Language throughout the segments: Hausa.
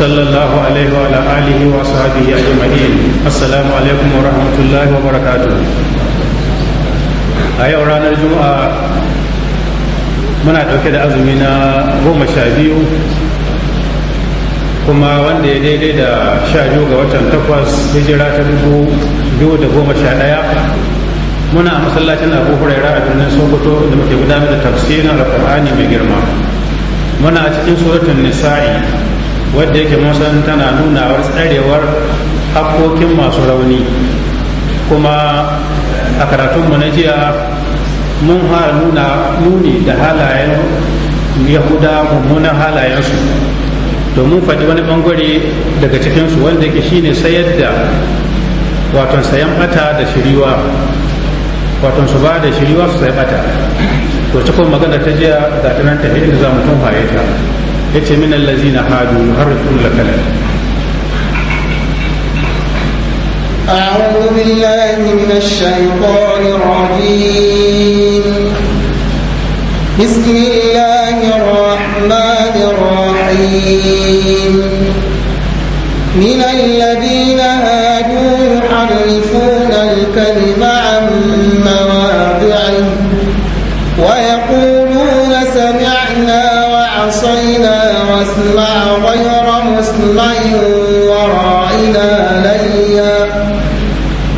صلى الله عليه وعلى آله وصحبه أجمعين السلام عليكم ورحمة الله وبركاته a yau ranar juma'a muna ɗauke da azumi na goma sha biyu kuma wanda ya daidai da sha biyu ga watan takwas hijira ta dubu biyu da goma sha ɗaya muna a masallacin abu huraira a birnin sokoto da muke gudanar da tafsirin alkur'ani mai girma muna cikin suratun nisa'i wadda yake musan tana nunawar tsarewar hakkokin masu rauni kuma a karatunmu na jiya mun fara nuna nuni da halayen yahuda mummunan halayensu domin faɗi wani bangare daga cikinsu wanda yake shine sayar da waton sayan bata da shiriwa waton su ba da shiriwa su sayi bata to cikin magana ta jiya ga ta nan inda za mu tun ta yace min allazina hadu yuharrifuna al-kalam أعوذ بالله من الشيطان الرجيم بسم الله الرحمن الرحيم من الذين هادوا يحرفون الكلم عن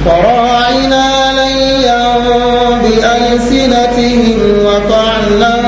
فراعنا ليا بألسنتهم وطعنا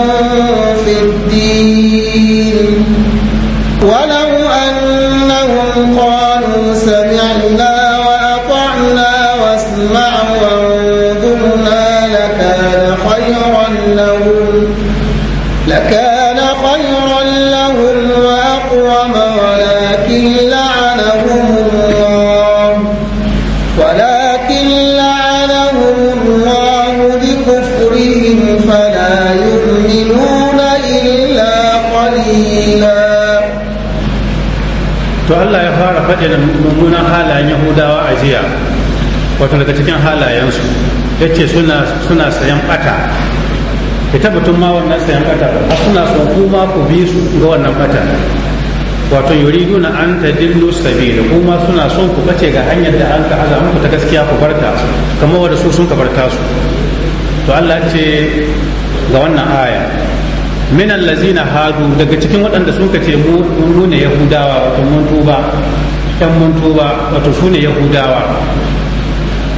faɗin mummunan halayen yahudawa a jiya wato daga cikin halayensu ya ce suna sayan ɓata ita mutum ma wannan sayan ɓata ba suna so kuma ku bi su ga wannan ɓata wato yuriduna an ta dillu sabila kuma suna son ku bace ga hanyar da an ka aza muku ta gaskiya ku barta kamar wanda su sun ka barta su to Allah ce ga wannan aya min allazina hadu daga cikin waɗanda sun ka ce mu ne yahudawa wato mun tuba yan mun ba wato su ne yahudawa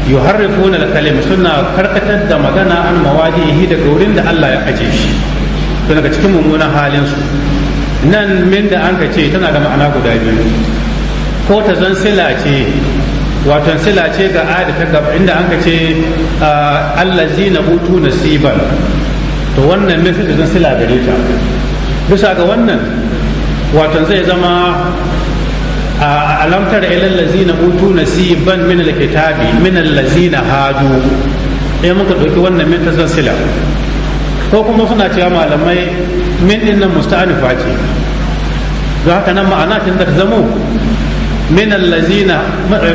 yuharrifun al-kalim suna karkatar da magana an mawadihi daga wurin da Allah ya aje shi to daga cikin mummunan halin su nan min da ka ce tana da ma'ana guda biyu ko ta zan sila ce wato sila ce ga ayat ta gaba inda anka ce ah, na utu nasiban to wannan min da zan sila gare ta bisa ga wannan wato zai zama alam tara ila allazina utu nasiban min alkitabi min allazina hadu eh muka dauki wannan min tasasila ko kuma suna cewa malamai min din nan musta'anifa ce don haka nan ma'ana tun da ta zamo من الذين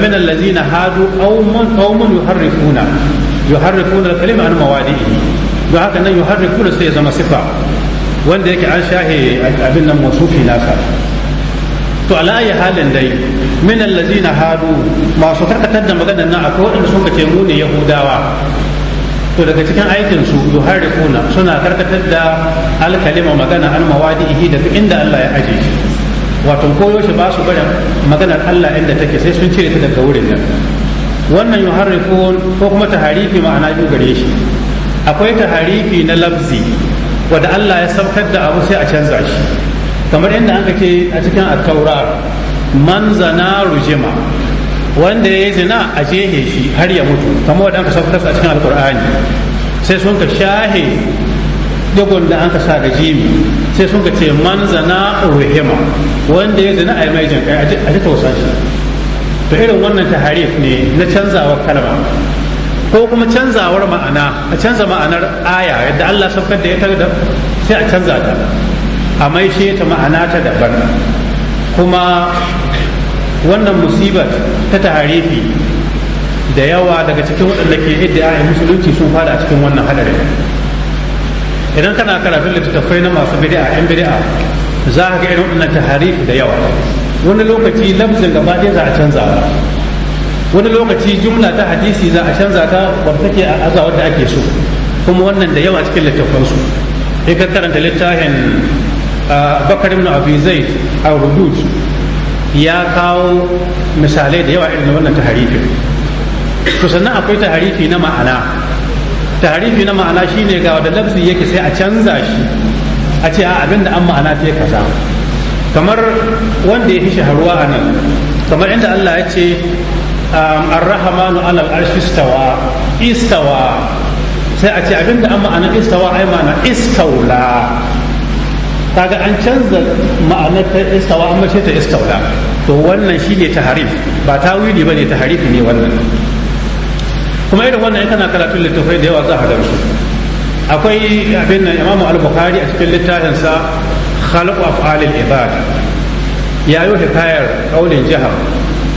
من الذين هادوا او من او من يحرفون يحرفون الكلمه عن مواضعه وهكذا يحرفون سيزم صفه وان ذلك عن شاهي ابن موصوف ناسا to ala ayi halin dai min allazina hadu masu karkatar da maganar nan akwai waɗanda suka ce mu ne yahudawa to daga cikin aikin su yuharifuna suna karkatar da alkalima magana an mawadihi daga inda Allah ya aje shi wato koyo basu ba su barin maganar Allah inda take sai sun cire ta daga wurin nan wannan yuharifun ko kuma taharifi ma'ana biyu gare shi akwai taharifi na lafzi wanda Allah ya saukar da abu sai a canza shi kamar yadda an ke a cikin attaura man zana rujima wanda ya zina a jehe shi har ya mutu kamar wadda anka saukar a cikin alkur'ani sai sun ka shahe digon da anka sa da jimi sai sun ka ce man zana rujima wanda ya zina a yi mai kai a ji wasa shi to irin wannan taharif ne na canzawar kalma ko kuma canzawar ma'ana a canza ma'anar aya yadda Allah saukar da ya sai a canza ta a shi ta ma'ana ta daban kuma wannan musibar ta taharifi da yawa daga cikin waɗanda ke iddia musulunci sun fada cikin wannan hadari idan kana karatun littattafai na masu bid'a yan bid'a za ka ga irin wannan tarihi da yawa wani lokaci lafzin gaba ɗaya za a canza wani lokaci jumla ta hadisi za a canza ta ba ta a azawar da ake so kuma wannan da yawa cikin littattafansu sai ka karanta littafin bakar ibn abi zaid a rudud ya kawo misalai da yawa irin wannan taharifi to sannan akwai taharifi na ma'ana taharifi na ma'ana shine ga wanda lafzi yake sai a canza shi a ce a abinda an ma'ana ta kaza kamar wanda ya fi shaharuwa a nan kamar inda Allah ya ce ar-rahmanu alal arshi istawa istawa sai a ce abinda an ma'ana istawa ai ma'ana istaula kaga an canza ma'anar ta istawa an mace ta istauda to wannan shi ne ta harif ba tawili bane ba ne wannan kuma irin wannan kana karatun littafai da yawa za ka gamsu akwai abin nan imamu al-bukhari a cikin littafin sa af'al al ibad ya yi hikayar kaulin jiha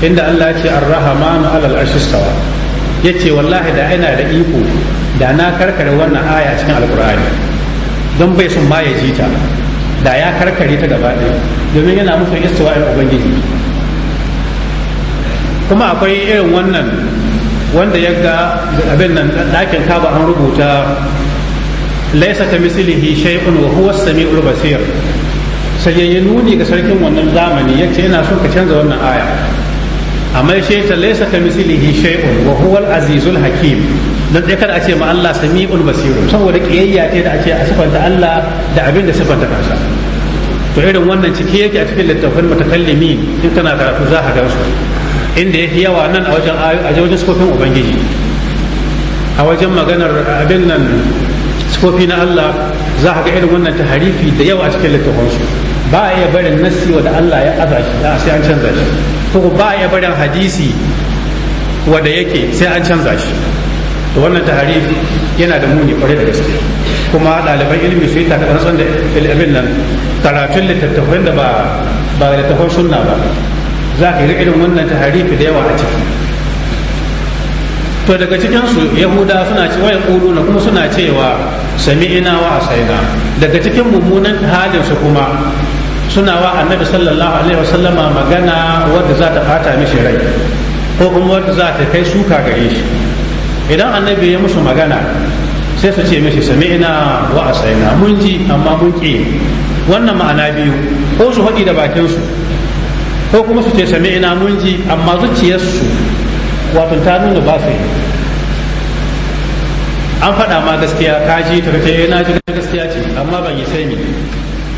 inda Allah ya ce ar-rahmanu alal istawa yace wallahi da ina da iko da na karkare wannan aya cikin al al-qur'ani don bai sun ma ya ji ta da ya karkare ta gaba ɗaya domin yana musu a ubangiji kuma akwai irin wannan wanda ya ga abin nan ɗakin kaba an rubuta laisa ta misilihi shay'un wa huwa sami'ul basir sai ya nuni ga sarkin wannan zamani yace yana son ka canza wannan aya amma shi ta laysa ka mislihi shay'un wa huwa al-azizul hakim dan dai kada a ce ma Allah sami'ul basir saboda kiyayya ce da a ce a sifanta Allah da abin da sifanta kansa to irin wannan ciki yake a cikin littafin mutakallimi in kana karatu za ka ga su inda yake yawa nan a wajen a wajen sifofin ubangiji a wajen maganar abin nan sifofi na Allah za ka ga irin wannan taharifi da yawa a cikin littafansu ba a iya barin nassi wa da Allah ya aza a sai an canza shi to ba ya barin hadisi wanda yake sai an canza shi to wannan taharif yana da muni kware da gaske kuma ɗaliban ilimi su yi takatsantsan da ilimin nan karatun littattafan da ba ba littattafan sunna ba za ka yi irin wannan taharifi da yawa a ciki to daga cikinsu yahuda suna cewa ya na kuma suna cewa sami'ina wa asaina daga cikin mummunan halinsu kuma suna wa annabi sallallahu alaihi wasallama magana wadda za ta fata mishi rai ko kuma wadda za ta kai suka gare shi idan annabi ya musu magana sai su ce mishi sami'na wa asaina mun ji amma mun ki wannan ma'ana biyu ko su haɗi da bakinsu ko kuma su ce sami'na mun ji amma zuciyarsu wato ta nuna ba su an faɗa ma gaskiya ka ji ta kace eh, na ji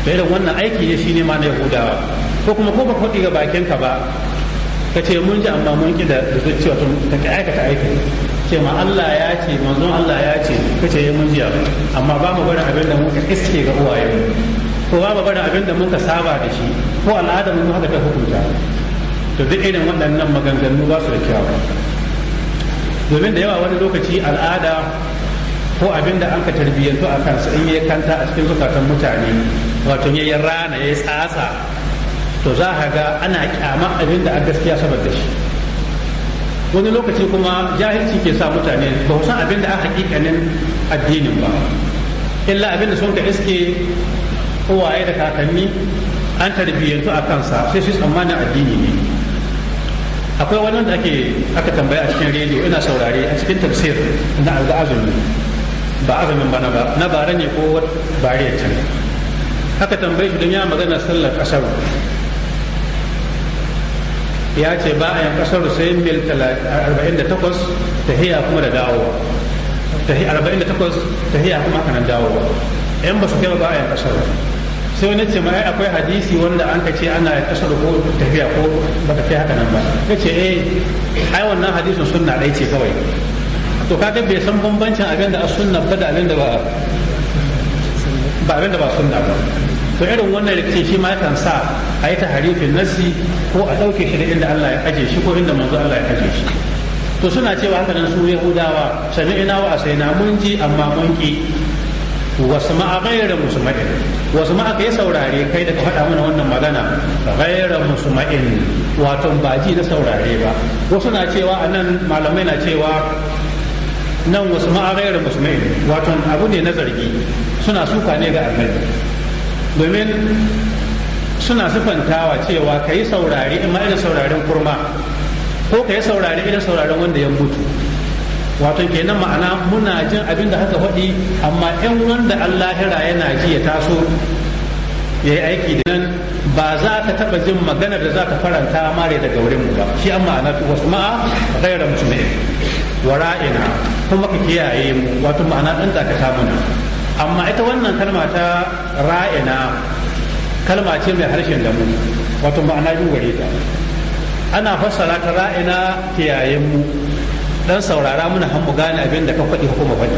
da irin wannan aiki ne shine ma na yahudawa ko kuma ko ba faɗi ga ka ba ka ce mun ji amma mun ki da zuciya tun ta ka aikata aiki ce ma Allah ya ce manzon Allah ya ce ka ce eh mun ji amma ba mu barin abin da muka iske ga uwaye ko ba mu barin abin da muka saba da shi ko al'ada mun haka ta hukunta to duk irin waɗannan maganganu ba su da kyau domin da yawa wani lokaci al'ada ko abin da an ka tarbiyyantu a kansu in ya kanta a cikin zukatan mutane wato ya rana ya tsatsa to za a ga ana kyama abin da a gaskiya saboda shi wani lokaci kuma jahilci ke sa mutane ba san abin da a hakikanin addinin ba illa abin da sun ka iske kowaye da kakanni an tarbiyyantu a kansa sai su tsammanin addini ne akwai wani wanda ake aka tambaya a cikin rediyo ina saurare a cikin tafsir na al'azumi ba azumin bana ba na bara ne ko bare can haka tambaye shi don ya magana sallar kasar ya ce ba a yin kasar sai mil 48 tahiya kuma da dawowa 48 tahiya kuma kanan dawowa yan ba su kai ba a yin kasar sai wani ce mai akwai hadisi wanda an ka ce ana kasar ko tafiya ko ba ta kai haka nan ba ya ce eh ai wannan hadisin sunna ɗai ce kawai to kaga bai san bambancin abin da sunna ba da abin da ba ba abin da ba sunna ba to irin wannan rikici shi ma yakan sa a yi ta harifin nasi ko a ɗauke shi da inda Allah ya aje shi ko inda manzo Allah ya aje shi to suna cewa haka nan su yahudawa sami'ina wa asaina mun ji amma mun ki wasu ma a gaira musu ma'in wasu ma aka yi saurare kai da ka faɗa mana wannan magana gaira musu ma'in wato ba ji na saurare ba wasu na cewa a nan malamai na cewa nan wasu ma'arayar musulmai wato abu ne na zargi suna suka ne ga annabi domin suna sufantawa cewa ka yi saurari in irin kurma ko ka yi saurari irin sauraren wanda ya mutu wato kenan ma'ana muna jin abin da haka faɗi amma yan wanda allahira yana ji ya taso ya yi aiki da nan ba za ka taɓa jin maganar da za ka faranta mare daga wurin mu ba shi an ma'ana wasu ma'a gairar musulmi wara'ina kuma ka kiyaye mu wato ma'ana ɗan ka samu amma ita wannan kalma ta ra'ina kalma ce mai harshen da mu wato ma'ana biyu gare ta ana fassara ta ra'ina kiyaye mu dan saurara muna hannu gane abin da ka faɗi hukuma faɗi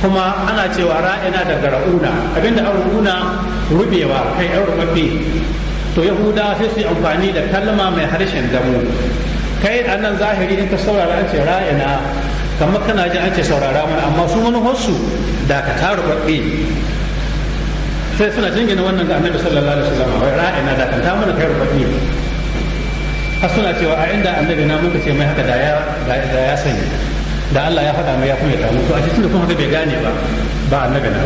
kuma ana cewa ra'ina daga ra'una abinda an ra'una rubewa kai an rubabbe to yahuda sai su amfani da kalma mai harshen damu kai a nan zahiri in ka saurara an ce ra'ina kamar kana jin an ce saurara mana amma su manufarsu da ka tara kwaɓe sai suna jingina wannan ga annabi sallallahu alaihi wasallam wai ra'ina da kanta ta mana kai rubaɗi A suna cewa a inda annabi na muka ce mai haka da ya da ya sani da Allah ya faɗa mai ya kuma ya damu a cikin kuma haka bai gane ba ba annabi na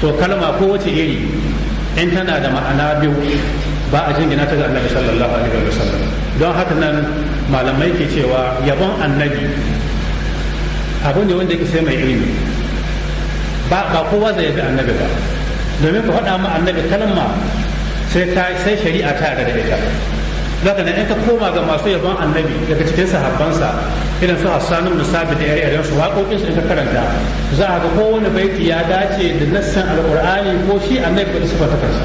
to kalma ko wace iri in tana da ma'ana biyu ba a jingina ta ga annabi sallallahu alaihi wasallam don haka nan malamai ke cewa yabon annabi abu ne wanda yake sai mai ilimi ba ba kowa zai yabi annabi ba domin ka faɗa ma annabi kalma sai ta sai shari'a ta da ita daga nan in ka koma ga masu yabon annabi daga cikin sahabbansa irin su hassanu da sabi da yare su waƙoƙin su in ka karanta za a ga kowane baiti ya dace da nassan alqur'ani ko shi annabi ba ta sifar ta kansa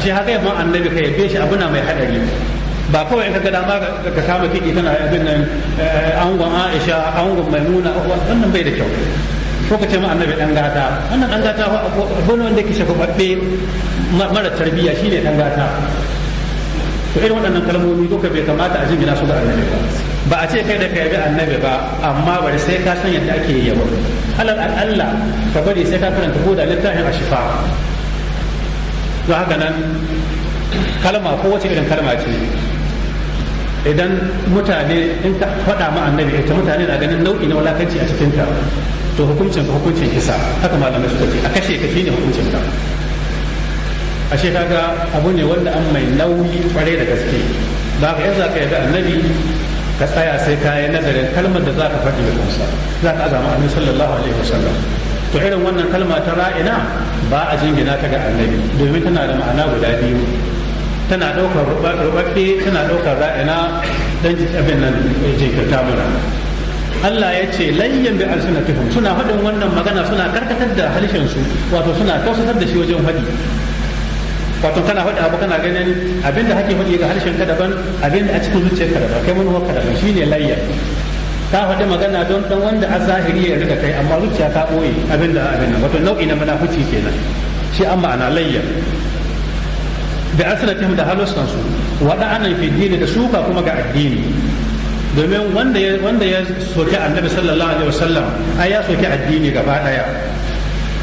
ashe haka yabon annabi ka yabe shi abu na mai haɗari ba kawai in kaga dama ka kama kiɗi tana abin nan eh, angon Aisha angon Maimuna wannan bai da kyau ko ka ce ma annabi dan gata wannan dan gata wani wanda yake shafa babbe mara tarbiyya shine dan gata to irin waɗannan kalmomi ka bai kamata a gina su ga annabi ba ba a ce kai da kai bi annabi ba amma bari sai ka san yadda ake yabo alal Allah ka bari sai ka karanta ko da littafin ashifa to haka nan kalma ko wace irin kalma ce idan mutane in ka faɗa ma annabi ita eh, mutane na ganin nau'i na wulakanci a cikin ta to hukuncin ka hukuncin kisa haka malamai suka ce a kashe ka shine hukuncin ka ashe kaga abu ne wanda an mai nauyi kware da gaske ba ka yanzu ka yabi annabi ka tsaya sai ka yi nazarin kalmar da za ka faɗi da kansa za ka azama annabi sallallahu alaihi wasallam to irin wannan kalma ta ra'ina ba a jingina ta ga annabi domin tana da ma'ana guda biyu tana ɗaukar rubabbe tana ɗaukar ra'ina don abin nan jinkirta mana Allah ya ce layyan bi alsinatihum suna faɗin wannan magana suna karkatar da halishin su wato suna tausatar da shi wajen faɗi wato kana faɗi abu kana ganin abinda hake faɗi ga halishin ka daban abinda a cikin zuciyar ka daban kai manuwar ka daban shine layyan ka faɗi magana don dan wanda a zahiri ya riga kai amma zuciya ta ɓoye abinda abin nan wato nau'i na munafici kenan shi amma ana layyan da asiratin da halustan su wada anan fi dini da suka kuma ga addini domin wanda ya wanda ya soke annabi sallallahu alaihi wasallam ai ya soke addini gaba daya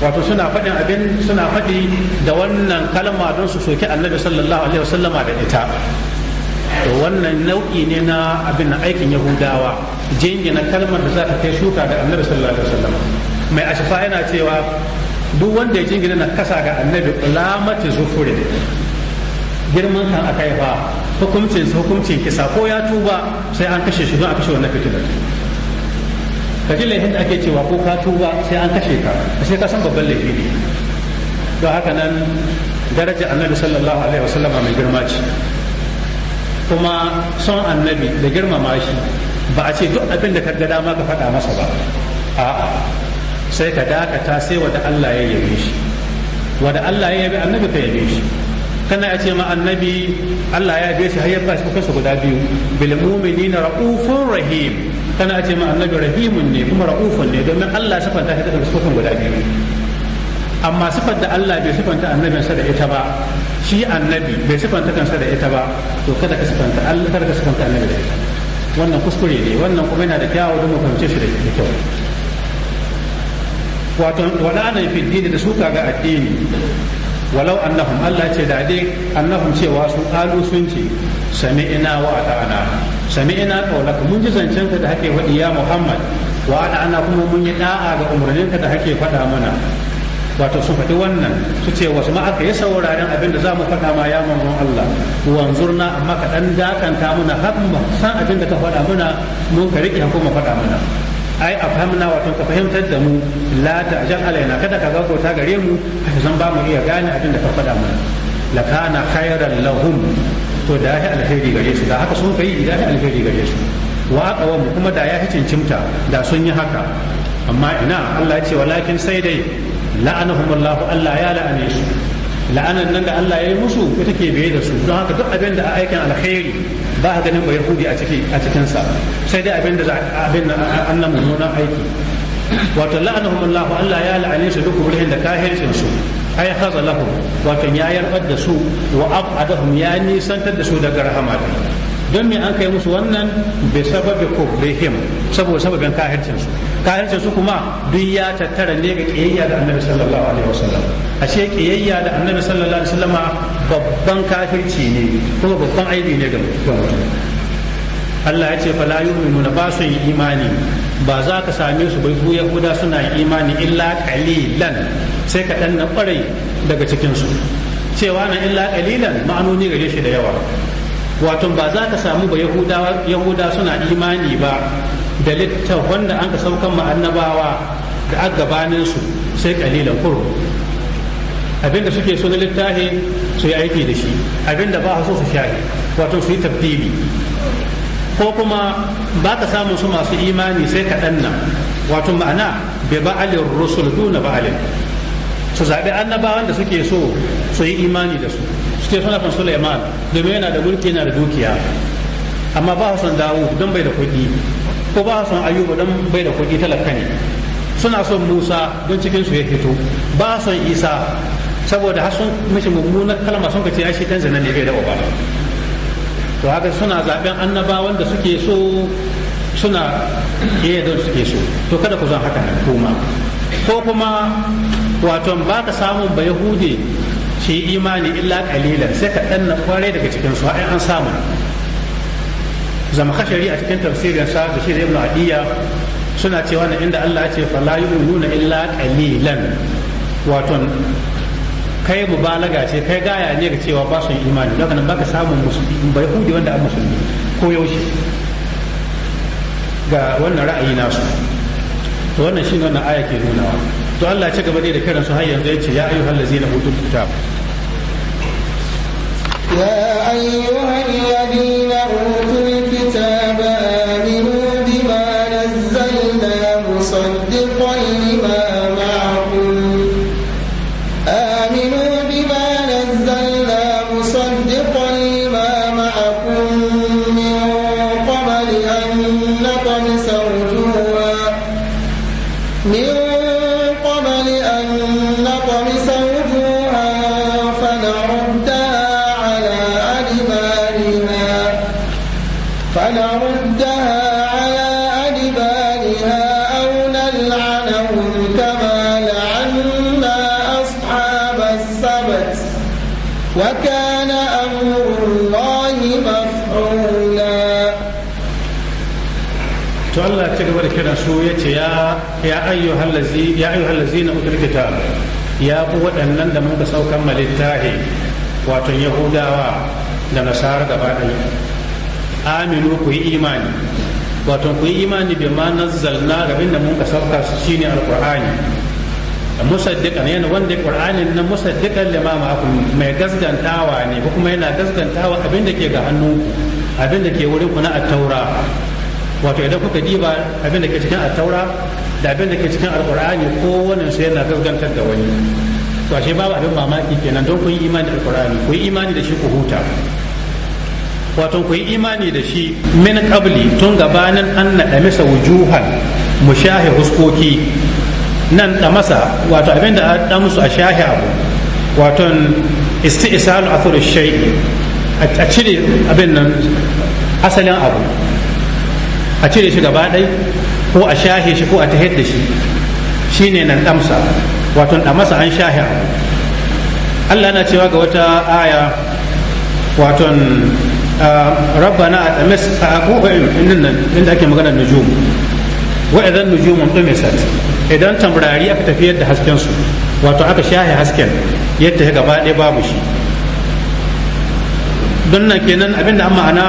wato suna faɗin abin suna faɗi da wannan kalma don su soke annabi sallallahu alaihi wasallama da ita to wannan nau'i ne na abin na aikin yahudawa jingina kalmar da za ta kai shuka da annabi sallallahu alaihi wasallama mai ashfa yana cewa duk wanda ya jingina na kasa ga annabi lamati zufuri girman kan aka yi fa hukuncin hukuncin kisa ko ya tuba sai an kashe shi don a kashe wannan fitilar ka ji laifin da ake cewa ko ka tuba sai an kashe ka sai ka san babban laifi ne don haka nan daraja annabi sallallahu alaihi wasallama mai girma ce kuma son annabi da girmama shi ba a ce duk abin da ka ga dama ka faɗa masa ba a sai ka dakata sai wanda Allah ya yabe shi wanda Allah ya yabe annabi ka yabe shi kana ya ce ma annabi Allah ya biya shi har ya ba shi kansa guda biyu bil mu'minina ra'ufun rahim kana ya ce ma annabi rahimun ne kuma raufun ne domin Allah ya fanta shi da sukan guda biyu amma sifar da Allah bai sifanta annabinsa da ita ba shi annabi bai sifanta kansa da ita ba to kada ka sifanta Allah kada ka sifanta annabi da ita wannan kuskure ne wannan kuma yana da kyawu don mu fahimce shi da kyau wato wadana fi dini da suka ga addini walau annahum Allah ce da dai annahum cewa su kalu sun ce sami'ina wa ata'ana sami'ina qaulaka mun ji zancen ka da hake wadi ya Muhammad wa kuma mun yi da'a ga umarnin ka da hake faɗa mana wato su faɗi wannan su ce wasu ma aka yi sauraren abin da za mu faɗa ma ya mamman Allah wanzurna amma ka ɗan dakanta muna har san abin da ka faɗa mana mun ka riƙe kuma faɗa muna ai a na wato ka fahimtar da mu la ajal alaina kada ka ta gare mu zan ba mu iya gane abin da ka faɗa mana kana khairan lahum to da ya alheri gare su da haka sun kai da ya alheri gare su wa aqawa kuma da ya cincinta da sun yi haka amma ina Allah ya ce walakin sai dai Allah Allah ya la'ane su la'anan nan da Allah ya yi musu ita ke biye da su don haka duk abin da a aikin alheri ba a ganin bayan yahudi a ciki sai dai abin da abin annan mummunan aiki wato la'anahum Allah Allah ya la'ane su duk wurin da kahircin su ai haza lahum wato ya yarbar da su wa abadahum ya nisantar da su daga rahama don me an kai musu wannan bai sababi kufrihim saboda sababin kahircin su kahircin su kuma duk ya tattara ne ga kiyayya da annabi sallallahu alaihi wasallam ashe kiyayya da annabi sallallahu alaihi wasallam babban kafirci ne kuma babban aibi ne ga mutum Allah ya ce fa la yu'minu ba su yi imani ba za ka same su bai ku yahuda suna imani illa qalilan sai ka dan na kwarai daga cikin su cewa na illa qalilan ma'anoni gare shi da yawa wato ba za ka samu ba yahuda yahuda suna imani ba da littafin wanda an ka saukan annabawa da aka gabanin su sai qalilan kuro abinda suke so na littafi su yi aiki da shi abinda ba so su shahi wato su yi tabdili ko kuma ba ka samu su masu imani sai kaɗan nan wato ma'ana bai ba'alin rusul duna ba'alin su zaɓi annabawan da suke so su yi imani da su suke ce kan Suleiman domin yana da mulki yana da dukiya amma ba su dawo don bai da kuɗi ko ba su son ayyuba don bai da kuɗi talaka ne suna son Musa don cikin su ya fito ba son Isa saboda har sun mishi mummunar kalma sun kace shi dan zina ne bai da uba to haka suna zaben annabawan wanda suke so suna iya da suke so to kada ku zan haka nan kuma ko kuma wato ba ka samun ba yahudi shi imani illa kalilan sai ka danna kwarai daga cikin su ai an samu zama kashari a cikin tafsirin sa da shi ibnu adiya suna cewa na inda Allah ya ce fala yu'minuna illa qalilan wato kai mubalaga ce kai gaya ne ga cewa ba su imani don nan baka samun musulmi bai hudi wanda an musulmi ko yaushe ga wannan ra'ayi nasu to wannan shi wannan aya ke nuna to Allah ya ci gaba da kiransu har yanzu ya ce ya ayyuhal ladzina utul kitab ya أيها الذين أوتوا الكتاب su ya ce ya ayyuhal lazina na kitab ya ku waɗannan da muka saukan malittahi wato yahudawa da nasarar gaba ɗaya aminu ku yi imani wato ku yi imani bi ma nazzalna rabin da muka sauka su shine alqur'ani musaddiqan yana wanda qur'anin na musaddiqan lima ma'akum mai gazgantawa ne ko kuma yana gazgantawa abin da ke ga hannu abin da ke wurin ku na at-taura wato idan kuka diba abin da ke cikin attaura da abin da ke cikin alkur'ani ko wannan sai yana gaggantar da wani to ashe babu abin mamaki kenan don ku yi imani da alkur'ani ku yi imani da shi ku huta wato ku yi imani da shi min qabli tun gabanin an nada masa wujuhan mushahi huskoki nan da masa wato abin da an musu a shahi abu wato isti'salu athur shay'i a cire abin nan asalin abu a cire shi gaba ɗai ko a shahe shi ko a tahir da shi shine nan ɗamsa wato masa an shahe abu Allah na cewa ga wata aya wato rabbana atamis a abubuwan nan inda ake magana nujum wa idan nujumun sat idan tamrari aka tafi yadda hasken su wato aka shahe hasken yadda ya gaba ɗaya babu shi don nan kenan abinda an ma'ana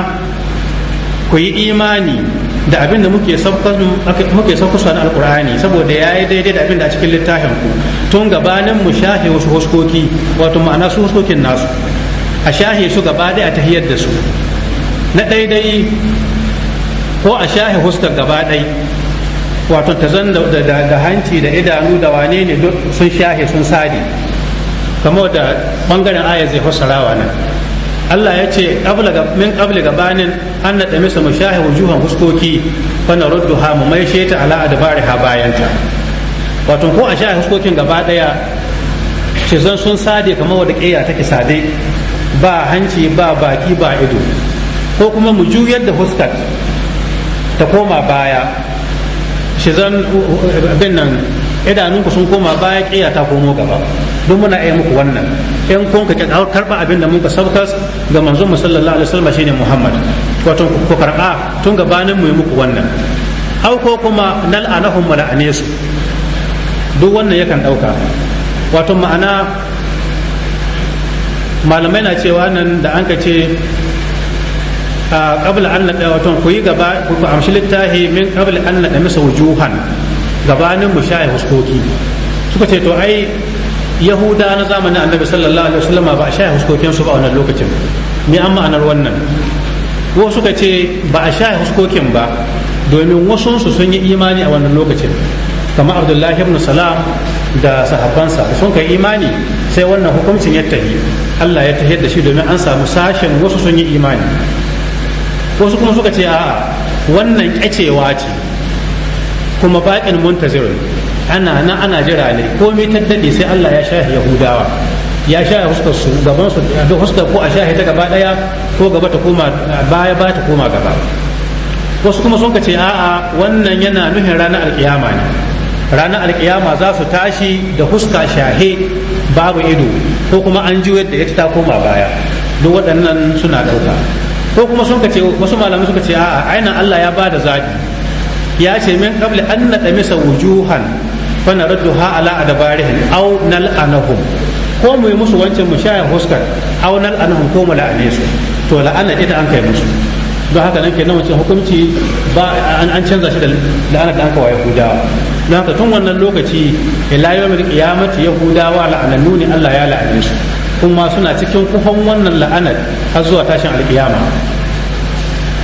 ku yi imani da abin da muke sauka su na alkur'ani saboda ya yi daidai da abin da a cikin littafin ku tun gabanin mu shahe wasu huskoki wato ma'ana su huskokin nasu a shahe su gaba dai a tahiyar da su na daidai ko a shahe huskar gaba ɗai wato ta zan da hanci da idanu da wane ne sun shahe sun sadi kamar da bangaren aya zai fassarawa nan Allah ya ce min qabli gabanin an naɗa misa mu shahi wujuhan huskoki wannan na rudduha mu mai sheta ala ha bayanta wato ko a shahi huskokin gaba ɗaya ce zan sun sade kamar wadda ƙeya take sade ba hanci ba baki ba ido ko kuma mu juyar da huskar ta koma baya shi zan abin nan idanunku sun koma baya ƙeya ta komo gaba duk muna iya muku wannan in kun ka karba abin da mun ka sabkas ga manzo mu sallallahu alaihi wasallam shine Muhammad wato ku karba tun gabanin mu yi muku wannan aw ko kuma anahum wa la'anesu duk wannan yakan dauka wato ma'ana malamai na cewa nan da an ka ce a qabla an naɗa wato ku yi gaba ku amshi littafi min kabla an naɗa misa wujuhan gabanin mu sha'i huskoki suka ce to ai yahuda na zamanin annabi sallallahu alaihi wasallama ba a shaya huskokin su ba wannan lokacin me an ma'anar wannan wasu suka ce ba a shaya huskokin ba domin wasunsu sun yi imani a wannan lokacin kamar abdullahi ibn salam da sahabbansa sun kai imani sai wannan hukuncin ya tafi Allah ya tafi da shi domin an samu sashen wasu sun yi imani wasu kuma suka ce a'a wannan kyacewa ce kuma baƙin muntazirin ana na ana jira ne komai ta daɗe sai Allah ya shahi yahudawa ya shahi huskar su gaban su da huskar ko a shahi ta gaba daya ko gaba ta koma baya ba ta koma gaba wasu kuma sun ce a'a wannan yana nuhin ranar alkiyama ne ranar alkiyama za su tashi da huska shahe babu ido ko kuma an ji yadda ta koma baya duk waɗannan suna ɗauka ko kuma sun ce wasu malamai suka ce a'a ainihin Allah ya ba da zaɓi ya ce min qabli an nadamisa wujuhan fa ha ala au aw nal'anahum ko mu yi musu wancan mu shaya huskar aw nal'anahum ko mu la'ane su to la'ana ita an kai musu don haka nan kenan wancan hukunci ba an canza shi da la'ana da aka wa yahudawa don haka tun wannan lokaci ila yawmil qiyamati yahudawa la'anannu ne Allah ya la'ane su kuma suna cikin kufan wannan la'anar har zuwa tashin alkiyama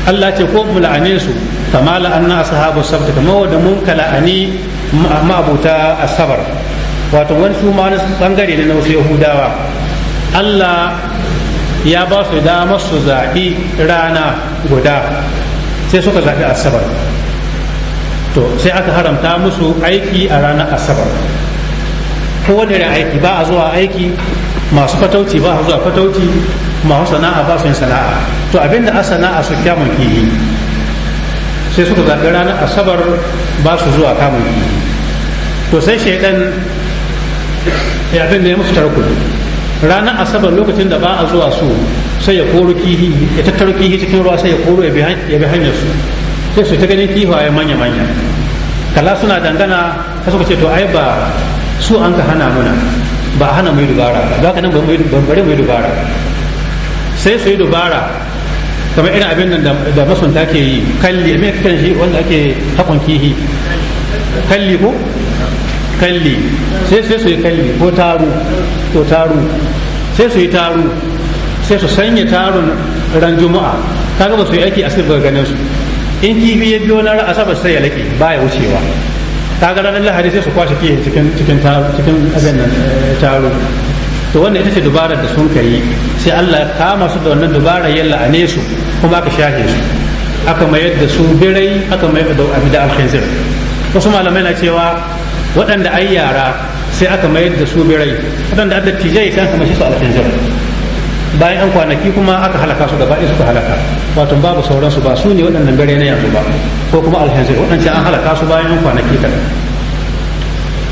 Allah ce ko mu la'ane su kama la'anna ashabu sabt kamar da mun ka la'ani ma'abuta asabar wato wani su ma wani bangare na wasu yahudawa allah ya ba su dama su zaɓi rana guda sai suka zaɓi asabar to sai aka haramta musu aiki a ranar asabar kowane da aiki ba a zuwa aiki masu fatauci ba a zuwa fatauci masu sana'a ba su yin sana'a to abinda a sana'a su kyamun kihi sai suka zaɓi ranar asabar ba su zuwa kamun to sai shaidan ya abin da ya musu tarko ranar asabar lokacin da ba a zuwa su sai ya koro kihi ya tattaro kihi cikin ruwa sai ya koro ya bi hanyar su sai su ta ganin kihaye manya manya kala suna dangana ta suka ce to ai ba su an ka hana muna ba hana mai dubara ba ka nan ba bari mai dubara sai su yi dubara kamar irin abin nan da masunta ke yi kalli me kan shi wanda ake hakon kihi kalli ko kalli sai sai su yi kalli ko taru ko taru sai su yi taru sai su sanya tarun ran juma'a kaga gaba su yi aiki a sirbar ganin su in kifi ya biyo na asabar sai ya ba ya wucewa ga ranar lahadi sai su kwashe kihin cikin cikin abin nan eh, taru to wannan ita ce dubarar da sun kai sai Allah ya kama su da wannan dubarar ya la'ane su kuma aka shahe su aka mayar da su birai aka mayar da abu da alkhazir wasu malamai na cewa waɗanda ai yara sai aka mayar da su birai waɗanda adda tijai sai aka mashi su alkhazir bayan an kwanaki kuma aka halaka su gaba suka halaka wato babu sauransu ba su ne waɗannan birai na yanzu ba ko kuma alkhazir waɗanda an halaka su bayan an kwanaki kaɗan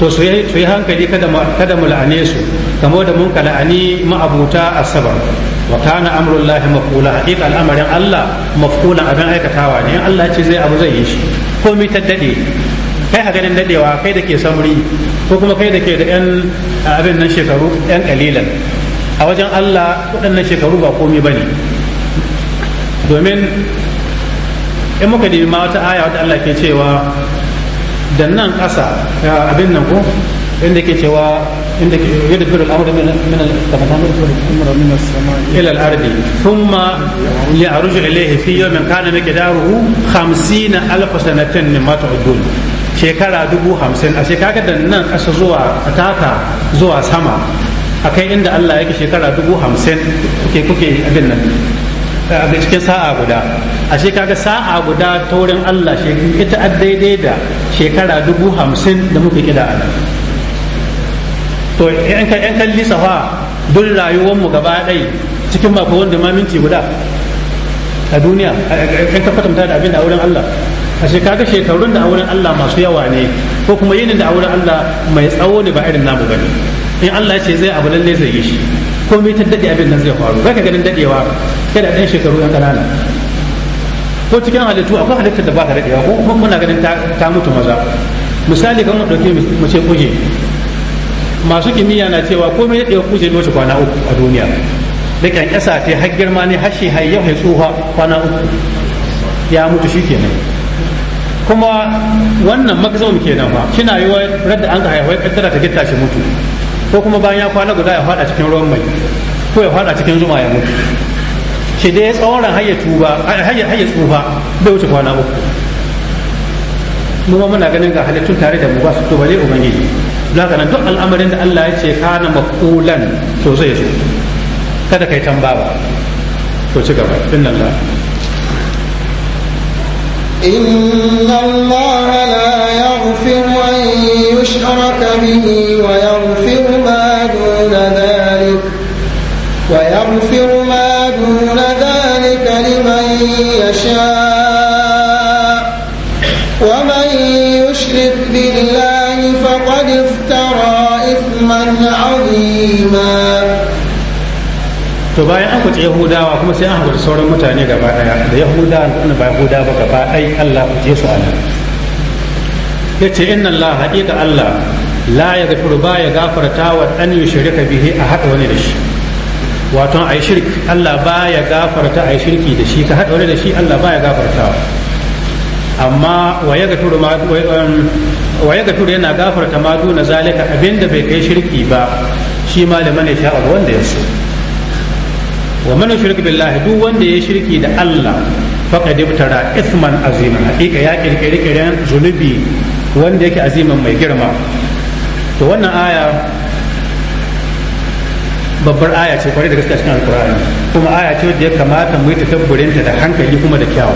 to su yi hankali kada mu la'ane su kamo da mun ka la'ani ma'abuta sabar wa kana amrullahi maf'ula hakika al'amarin Allah maf'ulan abin aikatawa ne in Allah ce zai abu zai yi shi komai ta dade kai ha ganin dadewa kai da ke samuri ko kuma kai da ke da yan abin nan shekaru yan kalilan a wajen Allah waɗannan shekaru ba komai ne. domin in muka nemi ma wata aya wata Allah ke cewa da nan ƙasa abin nan ko inda ke cewa inda ke yadda fi al'amur da min al-tabatamur ila al-ardi fi kana sanatin shekara dubu hamsin a shekara da nan ƙasa zuwa taka zuwa sama akai inda Allah yake shekara dubu hamsin kuke kuke abin nan a cikin sa'a guda shi kaga sa'a guda taurin Allah shi ita daidai da shekara dubu hamsin da muke kida a nan to yan kalli safa duk mu gaba ɗai cikin mako wanda ma minti guda a duniya yan ka kwatanta da abin da wurin Allah shi kaga shekarun da a wurin Allah masu yawa ne ko kuma yinin da a wurin Allah mai tsawo ne ba irin namu bane in Allah ya ce zai abu lalle zai yi shi mai ta dade abin nan zai faru zaka ganin dadewa kada dan shekaru yan kanana ko cikin halittu akwai halittar da ba ta dadewa ko kuma muna ganin ta mutu maza misali kan dauke mu ce kuje masu kimiyya na cewa komai dadewa kuje ne kwana uku a duniya da kan kasa ta har girma ne har shi har tsuha kwana uku ya mutu shi kenan kuma wannan magzawun kenan ba na yi wa radda an ka haifar kaddara ta gitta shi mutu ko kuma bayan ya kwana guda ya fada cikin ruwan mai ko ya fada cikin zuma ya mutu shi dai tsawon har tuba hayya hayya tsufa bai wuce kwana uku kuma muna ganin ga halittun tare da mu ba su tubale ubangiji za ka nan duk al'amarin da Allah ya ce kana maqulan to zai zo kada kai tambaba to ci gaba inna إن الله لا يغفر أن يشرك به ويغفر ما دون ذلك ويغفر ما دون ذلك لمن يشاء ومن يشرك بالله فقد افترى إثما عظيما to bayan an kuce yahudawa kuma sai an haɗu sauran mutane gaba daya da yahudawa da ba yahuda ba gaba dai Allah kuce su anan yace inna Allah haqiqa Allah la ya yaghfiru ba ya gafarta wa an yushrika bihi a hada wani da shi wato ai shirki Allah ba ya gafarta ai shirki da shi ka hada wani da shi Allah ba ya gafartawa amma wa ya gaturu um, yana gafarta ma duna zalika abinda bai kai shirki ba shi malamin ya sha wanda ya so wa man yushriku billahi duk wanda ya shirki da Allah faqad ibtara isman azima hakika ya kirkiri kiran zunubi wanda yake aziman mai girma to wannan aya babbar aya ce kwarai da gaske cikin alkur'ani kuma aya ce wadda ya kamata mu yi tabburinta da hankali kuma da kyau.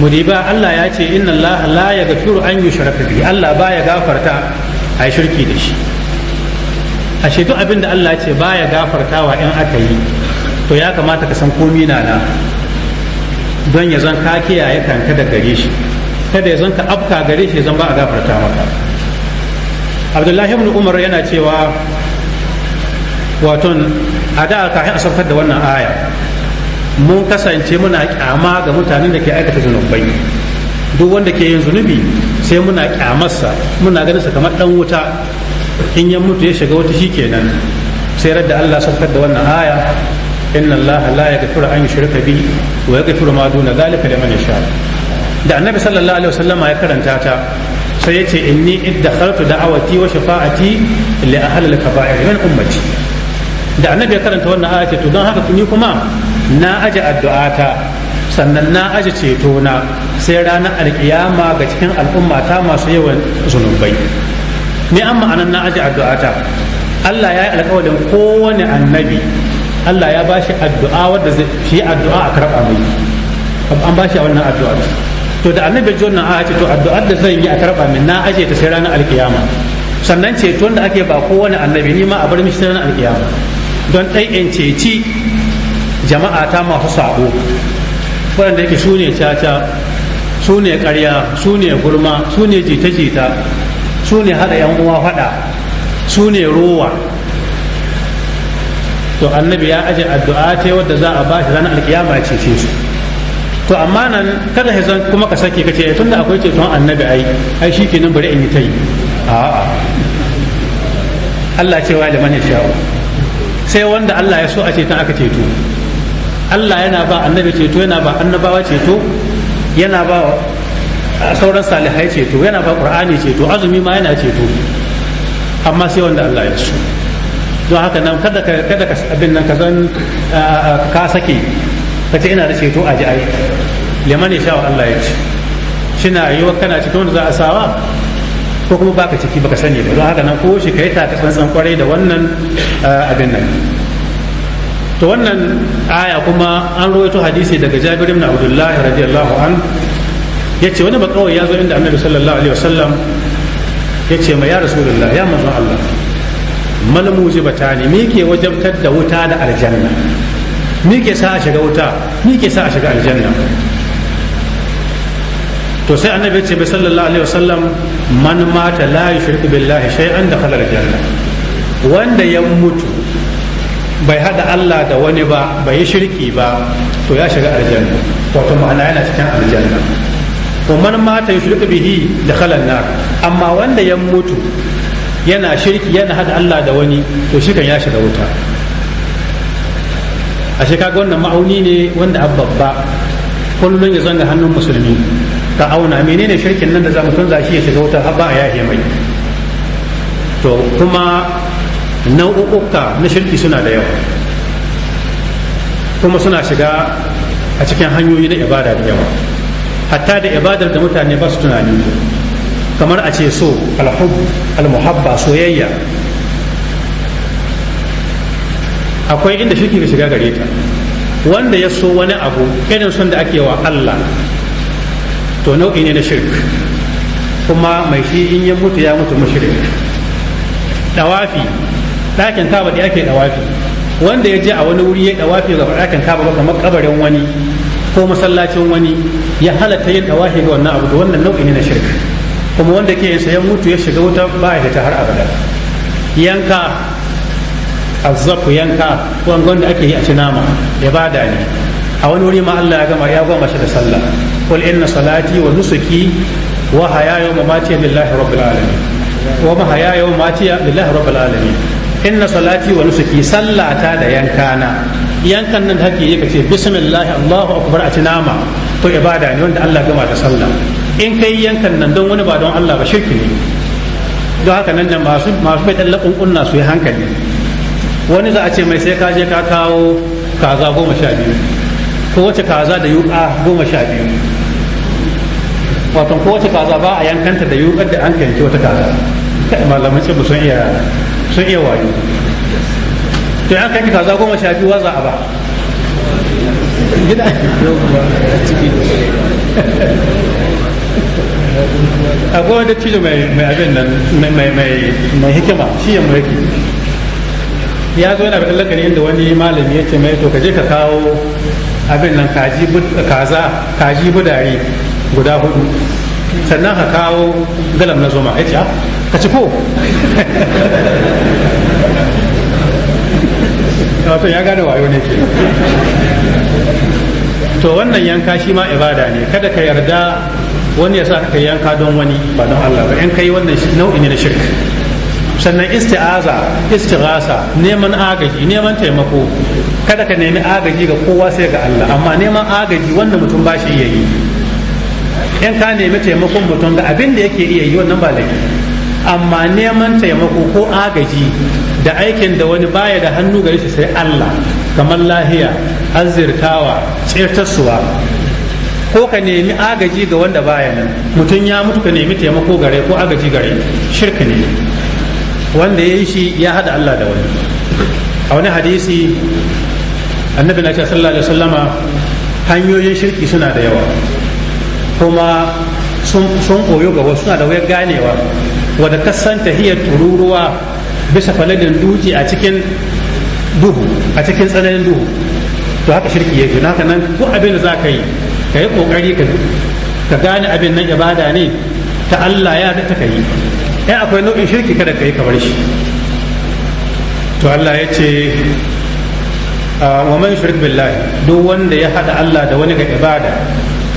mu ba Allah ya ce inna Allah la yaghfiru an yushraka bi Allah baya gafarta ai shirki da shi ashe duk abin da Allah ce baya gafartawa in aka yi to ya kamata ka san komi na na don ya zan ka kiyaye kanka da gare shi kada ya zan ka afka gare shi zan ba a gafarta maka abdullahi ibn umar yana cewa waton a da kafin a saukar da wannan aya mun kasance muna kyama ga mutanen da ke aikata zunubai duk wanda ke yin zunubi sai muna kyamarsa muna ganin sa kamar dan wuta in ya mutu ya shiga wata shikenan sai radda Allah saukar da wannan aya inna allaha la yaghfiru an yushrika bi wa yaghfiru ma duna zalika liman yasha da annabi sallallahu alaihi wasallam ya karanta ta sai yace inni iddakhaltu da'awati wa shafa'ati li ahli al-kaba'ir min ummati da annabi ya karanta wannan a ce to don haka ni kuma na aje addu'ata sannan na aje ceto na sai ranar alkiyama ga cikin al'umma ta masu yawan zunubai ni an ma'anan na aje ta. Allah ya yi alƙawarin kowane annabi Allah ya bashi addu'a wadda zai shi addu'a a karɓa mai an bashi a wannan addu'a to da annabi wannan a ce to addu'ar da zan yi a karɓa min na aje ta sai ranar alkiyama sannan ceton da ake ba kowane annabi ni ma a bar mishi ranar alkiyama don ɗan in ceci jama'a ta masu sabo waɗanda yake su ne caca su ne ƙarya su ne gulma su ne jita-jita su ne haɗa 'yan uwa faɗa su ne rowa to annabi ya aje addu'a ta wadda za a ba shi ranar alkiyama ce ce su to amma nan kada ka san kuma ka sake kace tunda akwai ceton annabi ai ai shikenan bari in yi tai yi a Allah ce wa liman yasha'u sai wanda Allah ya so a ceton aka ceto Allah yana ba annabi ceto yana ba annabawa ceto yana ba sauran salihai ceto yana ba qur'ani ceto azumi ma yana ceto amma sai wanda Allah ya so don haka nan kada ka kada ka abin nan ka zan ka sake ka ce ina da ceto a ji ai liman ya shawo Allah ya ci shina wa kana cikin wanda za a sawa ko kuma baka ciki baka sani ba don haka nan ko shi kai ta ka tsantsan kwarai da wannan abin nan to wannan aya kuma an rawaito hadisi daga Jabir ibn Abdullah radiyallahu an yace wani ba ya zo inda Annabi sallallahu alaihi wasallam yace ma ya Rasulullah ya manzo Allah mal mujibatani me ke wajabtar da wuta da aljanna me ke sa a shiga wuta me ke sa a shiga aljanna to sai annabi ce bai sallallahu alaihi wasallam man mata la yushriku billahi shay'an dakhala aljanna wanda ya mutu bai hada Allah da wani ba bai yi shirki ba to ya shiga aljanna wato ma'ana yana cikin aljanna wa man mata yushriku bihi da an-nar amma wanda ya mutu yana shirki yana hada Allah da wani to shi kan ya shiga wuta a shi kaga wannan ma'auni ne wanda babba kullum ya zanga hannun musulmi ka auna menene shirkin nan da za mutum za shi ya shiga wuta ba a mai to kuma nau'uka na shirki suna da yawa kuma suna shiga a cikin hanyoyi na ibada da yawa hatta da ibadar da mutane ba su tunani kamar a ce so al almuhabba soyayya akwai inda shirki ka shiga gare ta wanda ya so wani abu irin son da ake wa Allah to nau'i ne na shirk kuma mai shi in ya mutu ya mutu mushrik dawafi ɗakin kaba da ake dawafi wanda ya je a wani wuri ya dawafi ga ɗakin kaba ba kamar kabarin wani ko masallacin wani ya halatta yin dawafi ga wannan abu da wannan nau'i ne na shirka kuma wanda ke yin ya mutu ya shiga wuta ba ya ta har abada yanka azzafu yanka wangon da ake yi a ci nama da ne a wani wuri ma Allah ya gama ya goma shi da sallah kul inna salati wa nusuki wa hayaya wa mamati lillahi rabbil alamin wa mahayaya wa mamati lillahi rabbil alamin inna salati wa nusuki sallata da yanka na. yankan nan da hake yake ce bismillah Allahu akbar a ci nama to ibada ne wanda Allah gama da sallah in ka yi yankan nan don wani ba don Allah ba shirki ne don haka nan da masu masu bai tallakun kunna su yi hankali wani za a ce mai sai ka je ka kawo kaza goma sha biyu ko wace kaza da yuka goma sha biyu wato ko wace kaza ba a yankanta da yuka da an kanki wata kaza malaman ce sun iya sun iya wayo to an kanki kaza goma sha biyu waza a ba gida akwai wanda tijo mai abin nan mai hikima shi ya mulki ya zo yana faɗin lakari inda wani malami ya ce mai to ka je ka kawo abin nan kaza kaji budari guda hudu sannan ka kawo galam na zoma ya ce ah, ka ci ko wato ya gane wayo ne ke to wannan yanka shi ma ibada ne kada ka yarda wani sa aka yanka don wani ba don Allah ba in kai wannan nau'i ne na shirk sannan isti'aza istighasa neman agaji neman taimako kada ka nemi agaji ga kowa sai ga Allah amma neman agaji wanda mutum ba shi iya yi in ka nemi taimakon mutum ga abin da yake iya yi wannan ba laifi amma neman taimako ko agaji da aikin da wani baya da hannu gare shi sai Allah kamar lahiya azzirtawa tsirtasuwa ko ka nemi agaji ga wanda baya nan mutum ya mutu ka nemi taimako gare ko agaji gare shirka ne wanda ya yi shi ya hada Allah da wani a wani hadisi annabi na sallallahu alaihi wasallama hanyoyin shirki suna da yawa kuma sun koyo ga wasu suna da wayar ganewa wadda kasanta tahiyar tururuwa bisa faladin duji a cikin duhu a cikin tsananin duhu to haka shirki yake haka nan duk abin da za ka yi ka yi ƙoƙari ka gane abin nan ibada ne ta Allah ya da yi ai akwai nau'in shirki kada ka yi kamar shi to Allah ya ce ah, wa man shirk billahi duk wanda ya hada Allah da wani ga ibada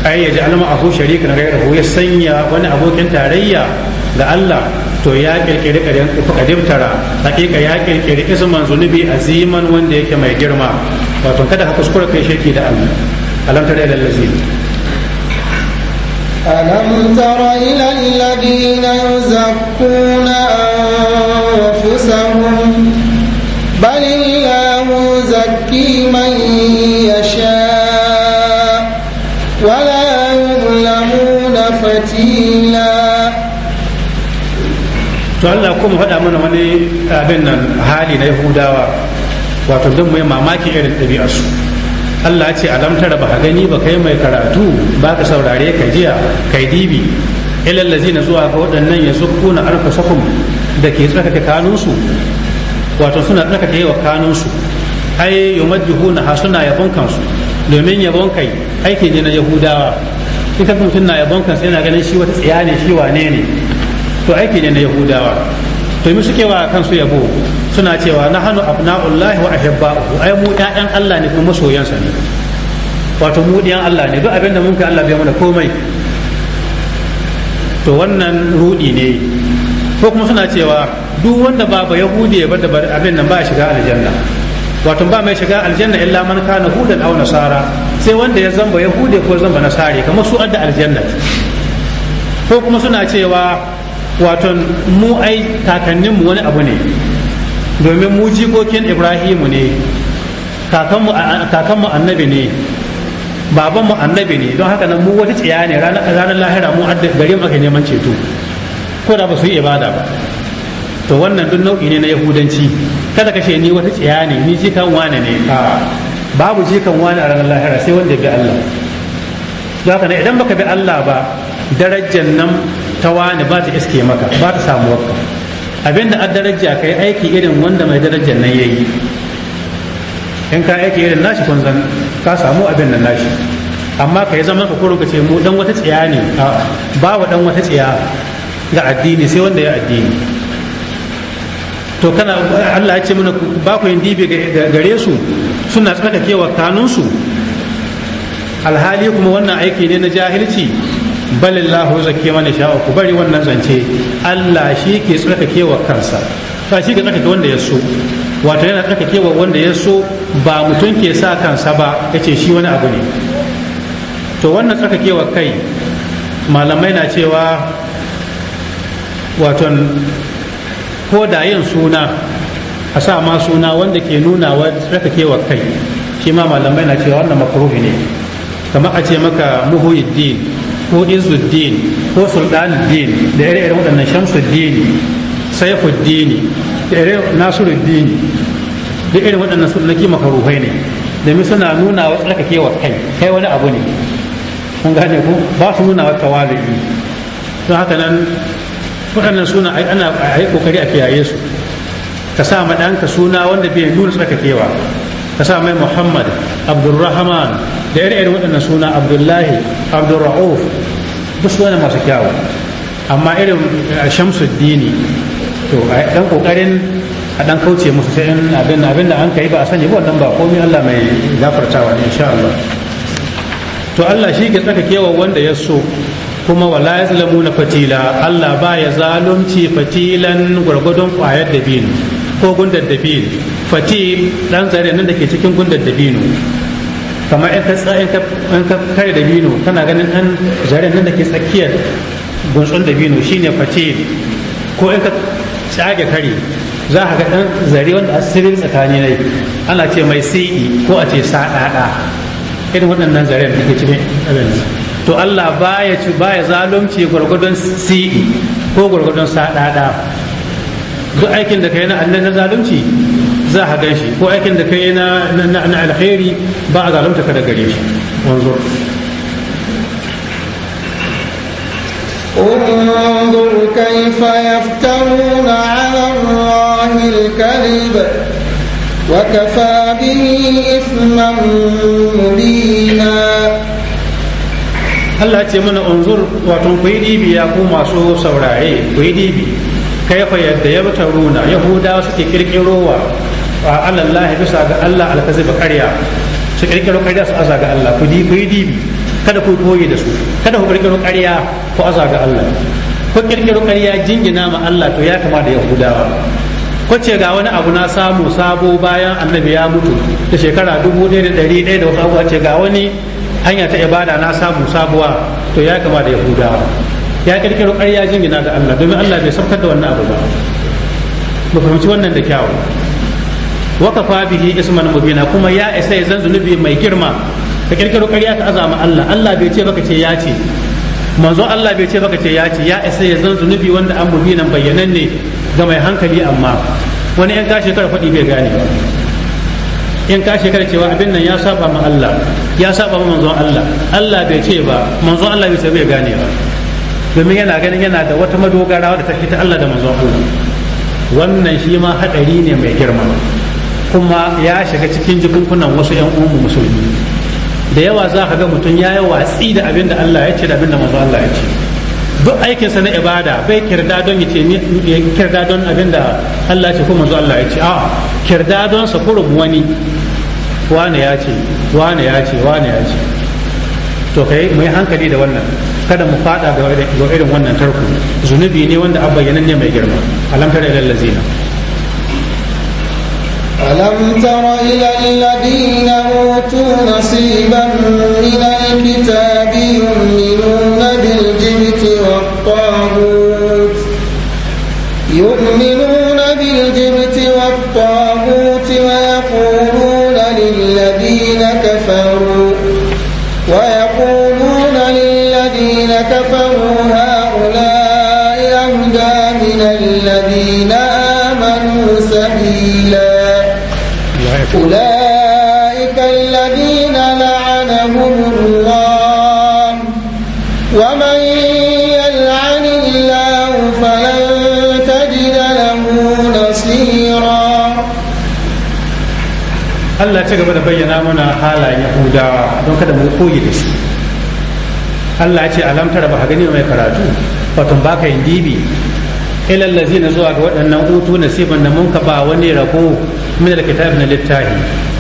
ai ya ji alma ahu sharika na gairahu ya sanya wani abokin tarayya ga Allah to ya kirkiri kadimtara hakika ya kirkiri isman zunubi aziman wanda yake mai girma wato kada ka kuskura kai shirki da Allah alam tara ila allazina alam tara ila alladhina yuzakkuna anfusahum bal illahu yuzakki man yasha wala yuzlamuna fatila to Allah kuma faɗa mana wani abin nan hali na Yahudawa wato don mu yi mamaki irin su. Allah ce alam tara ba gani ba kai mai karatu ba ka saurare ka jiya kai dibi ilal na zuwa ga waɗannan ya arka anfusakum da ke tsarkake kanunsu wato suna yi wa kanunsu ai yumadduhuna ha suna yabon kansu domin yabon kai aiki ne na yahudawa ita mutum na yabon kansa yana ganin shi wata tsiya ne shi wane ne to aiki ne na yahudawa to yi suke wa kansu yabo suna cewa na hannu abna'ullahi wa ahibba'uhu ai mu ƴaƴan Allah ne kuma masoyansa ne wato mu ɗiyan Allah ne duk abinda mun kai Allah bai mana komai to wannan rudi ne ko kuma suna cewa duk wanda ba ba yahudi ba da abin nan ba shiga aljanna wato ba mai shiga aljanna illa man kana hudan aw nasara sai wanda ya zamba yahudi ko zamba nasari kamar su adda aljanna ko kuma suna cewa waton mu ai kakanninmu wani abu ne domin mu jikokin ibrahimu ne kakanmu annabi ne babanmu annabi ne don haka nan mu wata tsiya ne ranar lahira mu gari mu aka neman ceto ko da ba su yi ibada ba to wannan duk nau'i ne na yahudanci kada ka ni wata tsiya ne ni jikan wane ne babu jikan wane a ranar lahira sai wanda bi Allah don haka idan baka bi Allah ba darajar nan ta wani ba ta iske maka ba ta samu wakka abinda an daraja kai aiki irin wanda mai darajar nan ya yi in ka aiki irin nashi kun zan ka samu abin nan nashi amma ka yi zama ka kuro ka ce mu dan wata tsiya ne ba wa dan wata tsiya ga addini sai wanda ya addini to kana Allah ya ce mana ba ku yin dibi gare su suna tsaka kewa kanunsu alhali kuma wannan aiki ne na jahilci balillahu zaki mana sha'a ku bari wannan zance Allah shi ke kewa kansa ta shi ke tsaka wanda ya so wato yana kewa wanda ya so ba mutum ke sa kansa ba yace ce shi wani abu ne to wannan kewa kai malamai na cewa wato ko da yin suna a sa ma suna wanda ke nuna wa kewa kai shi ma malamai na cewa wannan makruhi ne kamar a ce maka muhuyiddin ko izuddin ko sultanuddin da ire-iren waɗannan shamsuddin dini, da ire dini da irin waɗannan sunaki makaruhai ne mi suna nuna wa tsarkakewa kai kai wani abu ne kun gane ku ba su nuna wa tawali'i don haka nan waɗannan suna ana a yi kokari a kiyaye su ka sa ma ɗanka suna wanda bai nuna tsarkakewa ka sa mai muhammad abdulrahman da ire-iren waɗannan suna abdullahi abdurra'uf duk su masu kyawu amma irin eh, shamsuddini to a dan kokarin a dan kauce musu sai in abin abin da an kai ba a sani ba wannan ba komai Allah mai gafartawa ne insha Allah to Allah shi ke tsaka kewa wanda ya so kuma wala na fatila Allah ba ya zalunci fatilan gwargwadon da bin ko gundar bin fatil dan zare nan da ke cikin gundar dabino kamar in ka kare da bino kana ganin an jarin nan da ke tsakiyar gunsun da bino shine face ko in ka tsage kare za ka ga ɗan zare wanda asirin tsakani ne ana ce mai sai ko a ce saɗaɗa irin waɗannan zaren da ke cikin abin to Allah baya ci baya zalunci gwargwadon sai ko gwargwadon saɗaɗa duk aikin da ka yi na annan na zalunci za a gan ko aikin da kai na alheri ba a zalunta ka da gare shi wanzur انظر كيف يفترون على الله الكذب وكفى به إثما مبينا Allah ce mana unzur wato ku yi ya ku masu saurare ku yi kai fa yadda ya runa yahudawa suke kirkirowa Wa alallahi bisa ga Allah alkaziba karya su kirkiro karya su aza ga Allah ku yi dibi kada ku koyi da su kada ku kirkiro karya ku aza ga Allah ku kirkiro karya jingina ma Allah to ya kama da yahudawa ko ce ga wani abu na samu sabo bayan annabi ya mutu da shekara dubu ɗaya da ɗari ɗaya da ce ga wani hanya ta ibada na samu sabuwa to ya kama da yahudawa ya kirkiro karya jingina ga Allah domin Allah bai sabkar da wannan abu ba mu fahimci wannan da kyawu wa kafa bihi isman mubina kuma ya isa ya zan zunubi mai girma ka kirkiro ƙarya ka azama Allah Allah bai ce baka ce ya ce manzo Allah bai ce baka ce ya ce ya isa ya zan zunubi wanda an mubinan bayyanan ne ga mai hankali amma wani yan kashe kar faɗi bai gane in ka shekara cewa abin nan ya saba ma Allah ya saba ma manzon Allah Allah bai ce ba manzon Allah bai ce bai gane ba domin yana ganin yana da wata madogara da ta fita Allah da manzon Allah wannan shi ma hadari ne mai girma kuma ya shiga cikin jikunkunan wasu 'yan umu musulmi da yawa za ka ga mutum ya yi watsi da abin da Allah ya ce da abin da manzo Allah ya ce duk aikinsa na ibada bai kirda don ya ce kirda don abin da Allah ya ce ko manzo Allah ya ce a kirda don sa kurum wani wane ya ce wane ya ce wane ya ce to kai mu yi hankali da wannan kada mu fada ga irin wannan tarko zunubi ne wanda abbayyanan ne mai girma alamtar ilal lazina ألم تر إلى الذين أوتوا نصيبا من الكتاب يؤمنون بالجبت أولئك الذين لعنهم الله ومن يلعن الله فلن تجد له نصيرا Allah ci gaba da bayyana mana halayen Yahudawa don kada mu koyi da su. Allah ce alamtar ba gani mai karatu, wato baka yin ilal lazina zuwa ga waɗannan utu nasiban da mun ka ba wani rabo min alkitab na littafi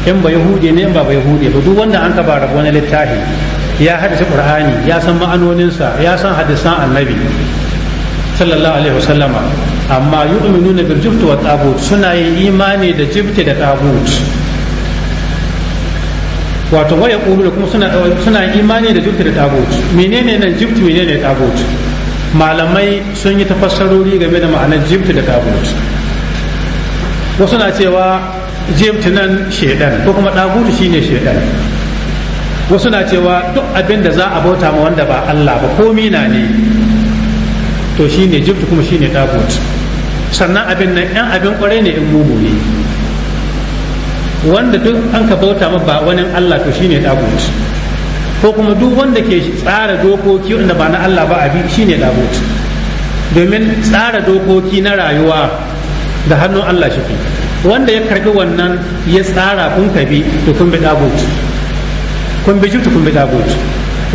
in ba yahudi ne in ba ba yahudi ba duk wanda an ka ba rabo na littafi ya haddace qur'ani ya san ma'anoninsa ya san hadisan annabi sallallahu alaihi wasallama amma yu'minuna bil jibt wa tabut suna yin imani da jibti da tabut wato waya qulu kuma suna suna imani da jibti da tabut menene nan jibt menene tabut malamai sun yi tafassarori game da ma'anar jimti da tagut wasu na cewa jimti nan shedan ko kuma tagut shine shedan wasu na cewa duk abin da za a bauta ma wanda ba Allah ba ko na ne to shine jimti kuma shine tagut sannan abin nan yan abin kwarai ne in mugu ne wanda duk an ka bauta ma ba wani Allah to shine tagut ko kuma duk wanda ke tsara dokoki wanda ba na Allah ba abi shine labut domin tsara dokoki na rayuwa da hannun Allah shi wanda ya karbi wannan ya tsara kun kabi to kun bi labut kun bi jutu kun bi labut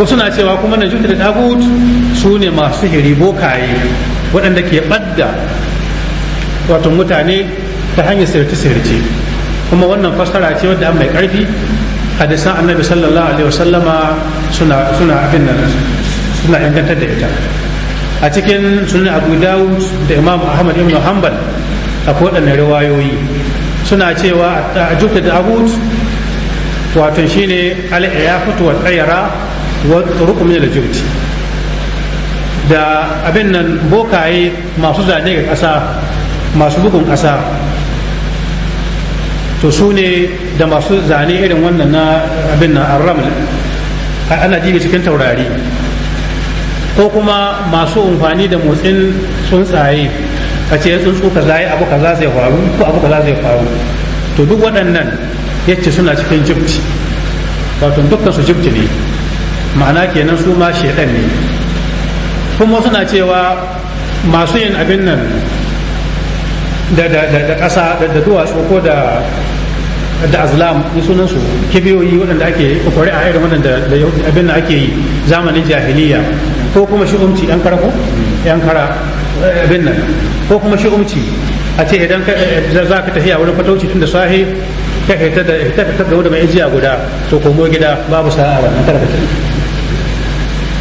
wasu na cewa kuma na jutu da labut su ne masu hiri bokaye waɗanda ke ɓadda wato mutane ta hanyar sirti-sirti kuma wannan fassara ce wadda an mai ƙarfi hadisan annabi sallallahu alaihi wasallama suna suna abin nan suna ingantar da ita a cikin sunan abu dawud da imam ahmad ibn hanbal akwai waɗannan riwayoyi suna cewa a jukta da abu wato shine al'iyafatu wa tsayara wa min da jukti da abin nan bokaye masu zane ga ƙasa masu bugun ƙasa to su ne da masu zane irin wannan na abin na a ana jibi cikin taurari ko kuma masu amfani da motsin tsuntsaye a ce tsuntsu kaza ya abu kaza zai faru ko abu kaza zai faru to duk waɗannan yace suna cikin jibti wato dukkan su jibti ne ma'ana kenan su ma ne kuma suna cewa masu yin abin nan da da ƙasa da duwatsu ko da da azlam ni sunan su kibiyoyi waɗanda ake kokari a irin waɗanda da abin da ake yi zamanin jahiliya ko kuma shi umci yan kara ko yan kara abin nan ko kuma shi umci a ce idan eh, za ka tafiya wurin fatauci tun da sahi ka fita da mai ijiya guda to komo gida babu sa'a wannan kada ka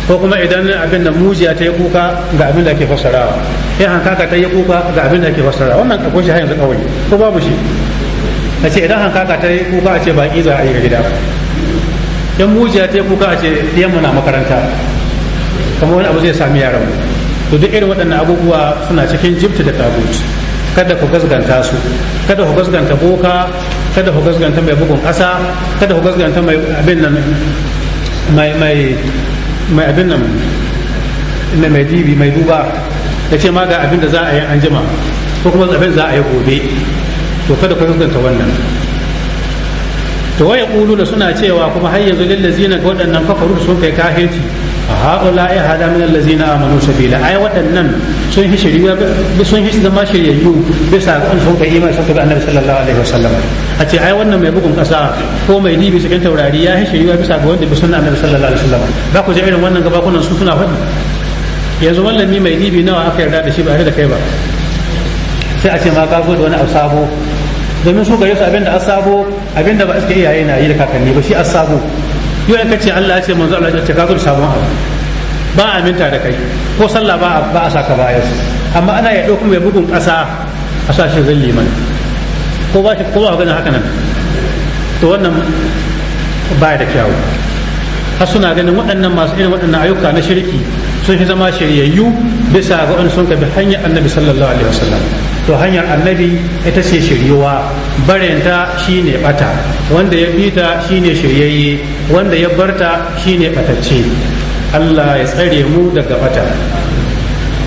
ko kuma idan abin da mujiya ta yi kuka ga abin da ake fassarawa ya hankaka ta yi kuka ga abin da ake fassarawa wannan ka kunshi hanyar kawai ko babu shi a ce idan hankaka ta yi kuka a ce baki za a yi gida in mujiya ta yi kuka a ce ɗiyanmu na makaranta kamar wani abu zai sami yaran to duk irin waɗannan abubuwa suna cikin jibta da tagut kada ku gasganta su kada ku gasganta boka kada ku gasganta mai bugun ƙasa kada ku gasganta mai abin nan mai mai mai abin nan inda mai dibi mai duba ya ce ma ga abin da za a yi an jima ko kuma abin za a yi gobe to kada ku hukunta wannan to kulu da suna cewa kuma har yanzu na ga waɗannan kafaru sun kai kahirci haula ya hada min allazina amanu sabila ai waɗannan sun hi shari'a sun hi zama shiryayyu bisa an sun kai imani sun kai annabi sallallahu alaihi wasallam a ce ai wannan mai bugun ƙasa ko mai libi cikin taurari ya hi shari'a bisa ga wanda bi sunna annabi sallallahu alaihi wasallam ba ku je irin wannan gaba kunan su suna faɗi yanzu wallami mai libi nawa aka yarda da shi ba da kai ba sai a ce ma ka da wani abu sabo domin su gare su abinda asabo abinda ba iske iyaye na yi da kakanni ba shi asabo yau in ce Allah ya ce manzo Allah ya ce ka zo sabon abu ba a minta da kai ko sallah ba ba a saka ba yau amma ana ya dauko mai bugun kasa a sa shi zan liman ko ba shi ko ba ganin haka nan to wannan ba da kyau har suna ganin waɗannan masu irin waɗannan ayyuka na shirki sun fi zama shiryayyu bisa ga wani sun ka bi hanyar annabi sallallahu alaihi wasallam to hanyar annabi ita ce shiryuwa barinta ne bata wanda ya bita shi ne shiryayye wanda ya barta shi ne batacce Allah ya tsare mu daga bata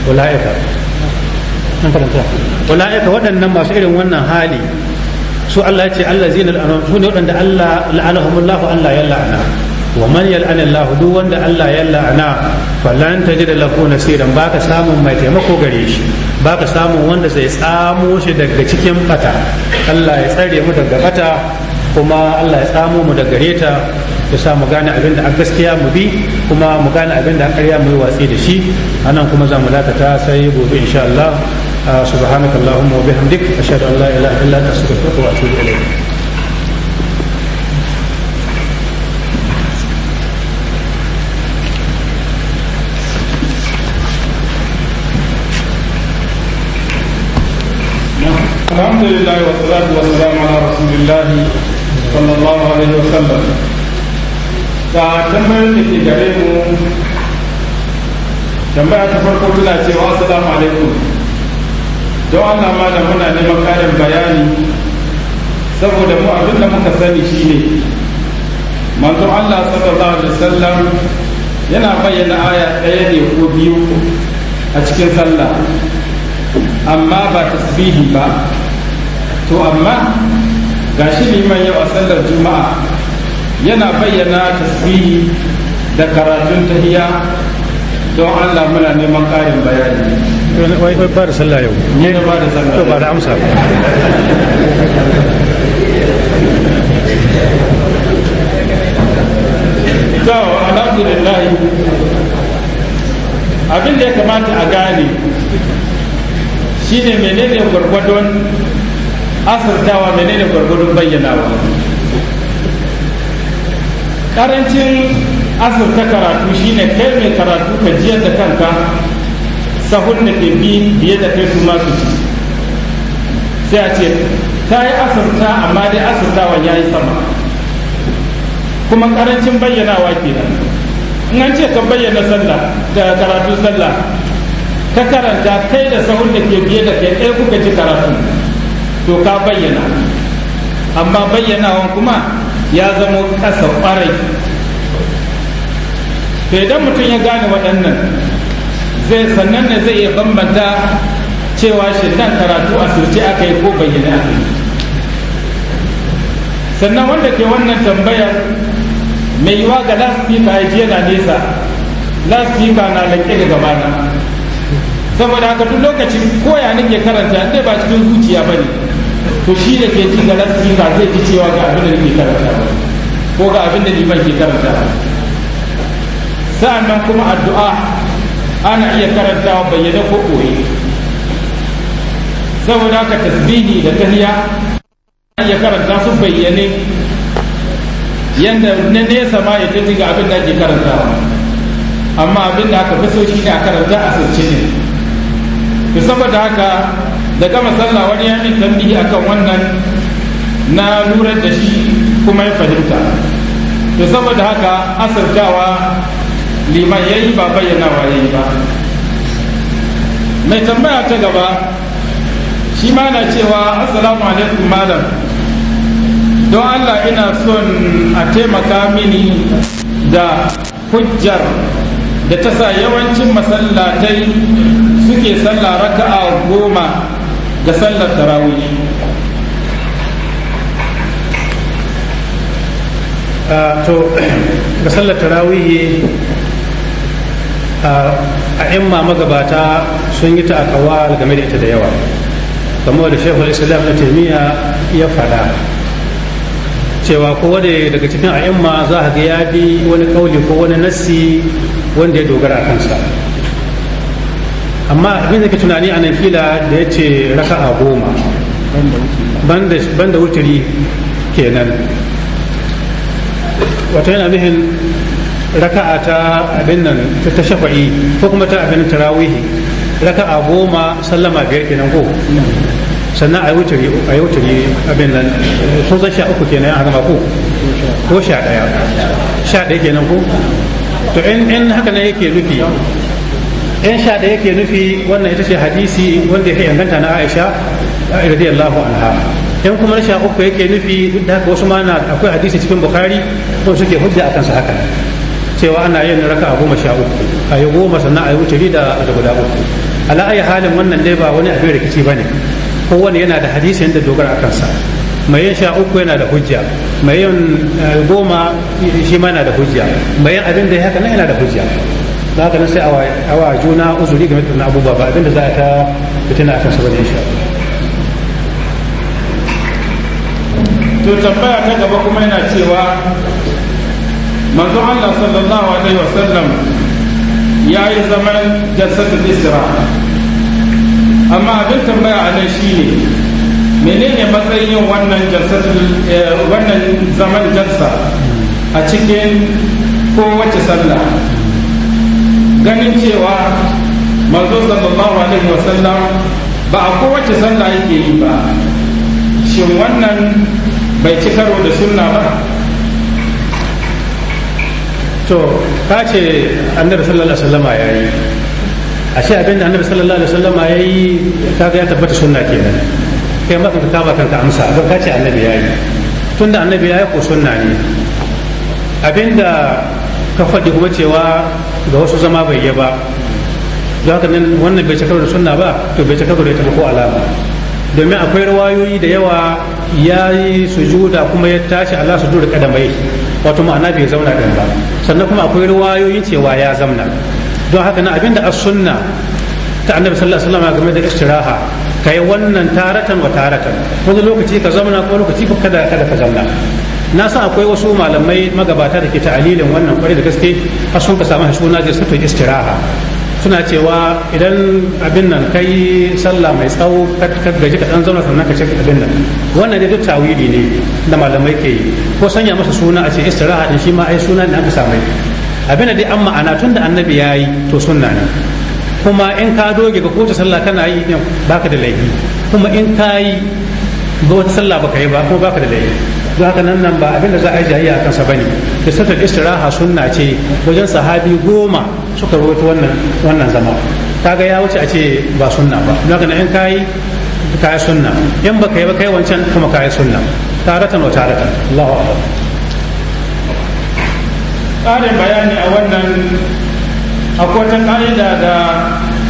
ula'ika ula'ika waɗannan masu irin wannan hali su Allah ya ce Allah zinar al'anam su ne waɗanda Allah la'anahumullahu Allah ya la'ana wa man yal'an Allah duk wanda Allah ya la'ana falan tajid lahu nasiran baka samun mai taimako gare shi baka samun wanda zai tsamo shi daga cikin fata Allah ya tsare mu daga fata kuma Allah ya tsamo mu daga gareta ya sa mu gane abin da a gaskiya mu bi kuma mu gane abin da a ƙarya mu yi watsi da shi anan kuma za mu dakata sai gobe insha Allah subhanakallahumma wa bihamdik ashhadu an la ilaha illa anta astaghfiruka wa atubu ilayk الحمد لله والصلاة والسلام على رسول الله صلى الله عليه وسلم da tambayar da ke gare mu tambaya ta farko tana cewa assalamu alaikum don Allah malam muna neman karin bayani saboda mu abin da muka sani shine manzon Allah sallallahu alaihi wasallam yana bayyana aya ɗaya ne ko biyu a cikin sallah amma ba tasbihi ba to amma ga shi liman yau a sallar juma'a yana bayyana tasbihi da karatun tahiya don Allah muna neman ƙarin bayani wai ba da sallah yau ne ba da sallah ba da amsa to alhamdulillah abin da ya kamata a gane shine menene gwargwadon asirtawa menene gwargwadon ba karancin asirta karatu shine kai mai karatu ka jiyar da kanka sahun da ke bi biye da kai su ci sai a ce ta yi asirta amma dai asirtawan ya yi sama kuma karancin bayyanawa ke in an ce ka bayyana sallah da karatu sallah ka karanta kai da sahun da ke biye da kai ɗaya kuka ji karatu to ka bayyana amma bayyanawan kuma ya zama ƙasa ƙwarai to idan mutum ya gane waɗannan zai sannan ne zai iya bambanta cewa shaitan karatu a surce aka yi ko bayyana sannan wanda ke wannan tambayar mai yiwa ga lasfika ya ji yana nesa lasfika na laƙe da gabana saboda haka duk lokacin koya nake karanta ɗaya ba cikin zuciya ba ne to shi da ke ji garar ka zai ji cewa ga abin da nake karanta ko ga abin da liman ke karanta sa'annan kuma addu'a ana iya karantawa bayyana ko koyi saboda ka tasbihi da tahiya ana iya karanta su bayyane yanda na nesa ma ya tafi ga abin da ake karanta, amma abin da aka fi so shi ne a karanta a sirce ne saboda haka da gama sallah wani ya min tambihi akan wannan na lura da shi kuma ya fahimta to saboda haka asirtawa liman yi ba bayyana waye ba mai tambaya ta gaba shi ma na cewa assalamu alaikum malam don allah ina son a taimaka mini da hujjar da ta sa yawancin masallatai suke sallah raka'a goma da sallar tarawih ah, to da sallar tarawih ah, a imma magabata sun yi ta'akawa game da ita da yawa kamar da shekul islam na taimiyya ya fada cewa ko wani daga cikin a'imma za a ga ya bi wani kauli ko wani nassi wanda ya dogara kansa amma abin da ke tunani a nan kila da ya ce raka'a goma banda wuturi kenan wata yana nuhin raka'a ta abin nan ta shafa'i ko kuma ta abin tarawihi raka'a goma sallama biyar kenan ko sannan a yi wuturi abin nan sun zan sha uku kenan a zama ko ko sha daya sha daya kenan ko to in haka nan yake nufi yan sha da yake nufi wannan ita ce hadisi wanda yake inganta na aisha radiyallahu anha yan kuma na sha uku yake nufi duk da haka wasu ma na akwai hadisi cikin bukari ko suke hujja akan su haka cewa ana yin raka'a goma sha uku a yi goma sannan a yi wuce da guda uku ala ayi halin wannan dai ba wani abin rikici bane kowane yana da hadisi yanda dogara akan sa mai yin sha uku yana da hujja mai yin eh, goma shi ma yana da hujja mai yin abin da ya haka nan yana da hujja na ganin sai awa juna uzuri game da abubuwa ba abinda za a ta fitina a kansu bane insha to tambaya ta gaba kuma yana cewa manzon Allah sallallahu alaihi wasallam ya yi zaman jasadul isra amma abin tambaya a nan shine menene matsayin wannan eh, wannan zaman jalsa a cikin kowace sallah ganin cewa manzo sallallahu alaihi wasallam ba a kowace sallah yake yi ba shin wannan bai ci karo da sunna ba to ka ce annabi sallallahu alaihi wasallama ya yi a ashe abin da annabi sallallahu alaihi wasallama ya yi ga ya tabbata sunna kenan kai ma ka kama kanka amsa ba ka ce annabi ya yi tunda annabi ya yi ko sunna ne abinda ka faɗi kuma cewa ga wasu zama bai yi ba za ka nan wannan bai cakar da sunna ba to bai cakar da ita ko alama domin akwai rawayoyi da yawa ya yi sujuda kuma ya tashi Allah su kada mai wato ma'ana bai zauna ɗin ba sannan kuma akwai rawayoyin cewa ya zamna don haka na abinda a sunna ta annabi sallallahu alaihi wasallam game da istiraha kai wannan taratan wa taratan wani lokaci ka zauna ko lokaci kada kada ka zamna. na san akwai wasu malamai magabata da ke ta'alilin wannan kwarai da gaske har sun ka samu suna da sufi istiraha suna cewa idan abin nan kai sallah mai tsawo ka gaji ka dan zauna sannan ka cika abin nan wannan dai duk tawili ne da malamai ke yi ko sanya masa suna a ce istiraha din shi ma ai suna ne aka samu abin da dai an ma'ana tun da annabi ya yi to sunna ne kuma in ka doge ga kowace sallah kana yi baka da laifi kuma in ka yi ga wata sallah baka yi ba kuma baka da laifi don haka nan nan ba abin da za a yi jayayya a kansa bane kisatul istiraha sunna ce wajen sahabi goma suka rawaito wannan wannan zama kaga ya wuce a ce ba sunna ba don haka in kai kai sunna in baka yi ba kai wancan kuma kai sunna taratan wa taratan Allahu akbar ƙarin bayani a wannan akwai wata ƙa'ida da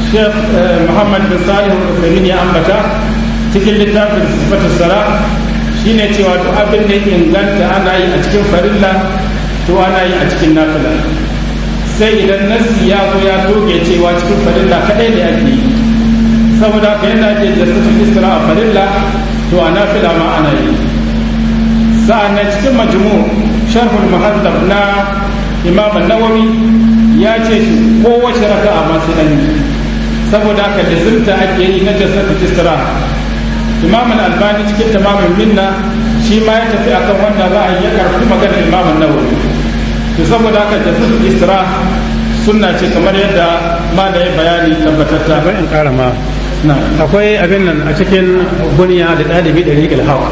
Sheikh eh, Muhammad bin Salih al ya ambata cikin littafin sifatu sara Shi ne cewa to abin da inganta ana yi a cikin farilla to ana yi a cikin nafila sai idan nasi ya zo ya toge cewa cikin farilla kadai ne ake yi saboda ka yadda ake jasatul istira a farilla to a nafila ma ana yi sa'an cikin majmu sharhul muhaddab na imam an-nawawi ya ce shi kowace raka'a ma sai an saboda ka da ake yi na jasatul istira imam al-albani cikin tamamin minna shi ma ya tafi akan wanda za a yi karfi maganar imam an-nawawi to saboda haka sun isra sunna ce kamar yadda malam ya bayani tabbatatta ba in kara ma akwai abin nan a cikin gunya da ɗalibi da rigil hawa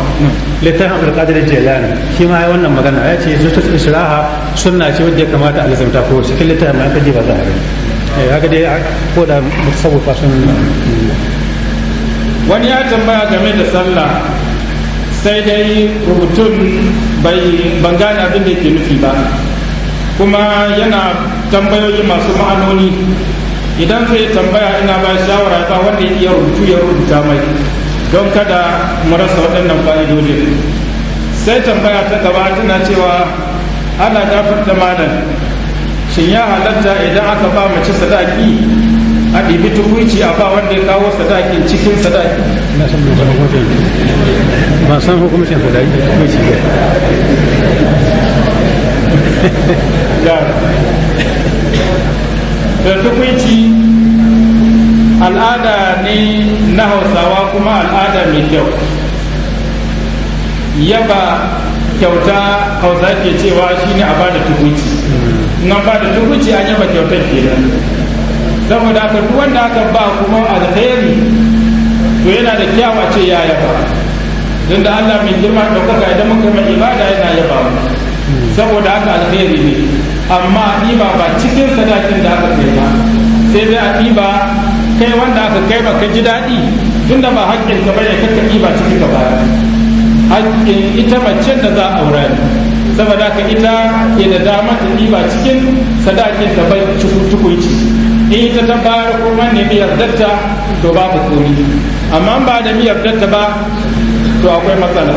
littafin alƙadar jelani shi ma ya wannan magana ya ce zuwa isra'a sunna ce wadda ya kamata a lissanta ko cikin littafin ka kaji ba za a yi eh, haka dai ko da mutu fasun wani ya tambaya game da sallah sai dai rubutun bai bangane abin da ke nufi ba kuma yana tambayoyi masu ma'anoni idan zai tambaya ina ba shawara ta wanda ya rubutu ya rubuta mai don kada mu rasa waɗannan fa'idodin sai tambaya ta gaba tana cewa ana gafarta malam shin ya halatta idan aka ba mace sadaki a ɗibi tukuici a ba wanda ya kawo sadakin cikin sadaki na san ban san hukuncin ban san sadaki da tukuici al'ada ne na hausawa kuma al'ada mai kyau yaba kyauta hausa ke cewa shine a ba da tukuici in an ba da tukuici an yaba kyautar kenan saboda haka duk wanda aka ba kuma alheri to yana da kyawa ce ya yaba don da Allah mai girma ɗaukaka idan muka mai ibada yana yaba saboda haka alheri ne amma ɗiba ba cikin sadakin da aka kai ba sai dai a ɗiba kai wanda aka kai ba ka ji daɗi tunda ba haƙƙin ka bane ka ɗiba cikin ka baya haƙƙin ita mace da za a aura saboda haka ita ke da dama ta ɗiba cikin sadakin ta bai tukuici in ta ta fara kuma ne mai yardarta to babu komi amma ba da miyar yardarta ba to akwai matsala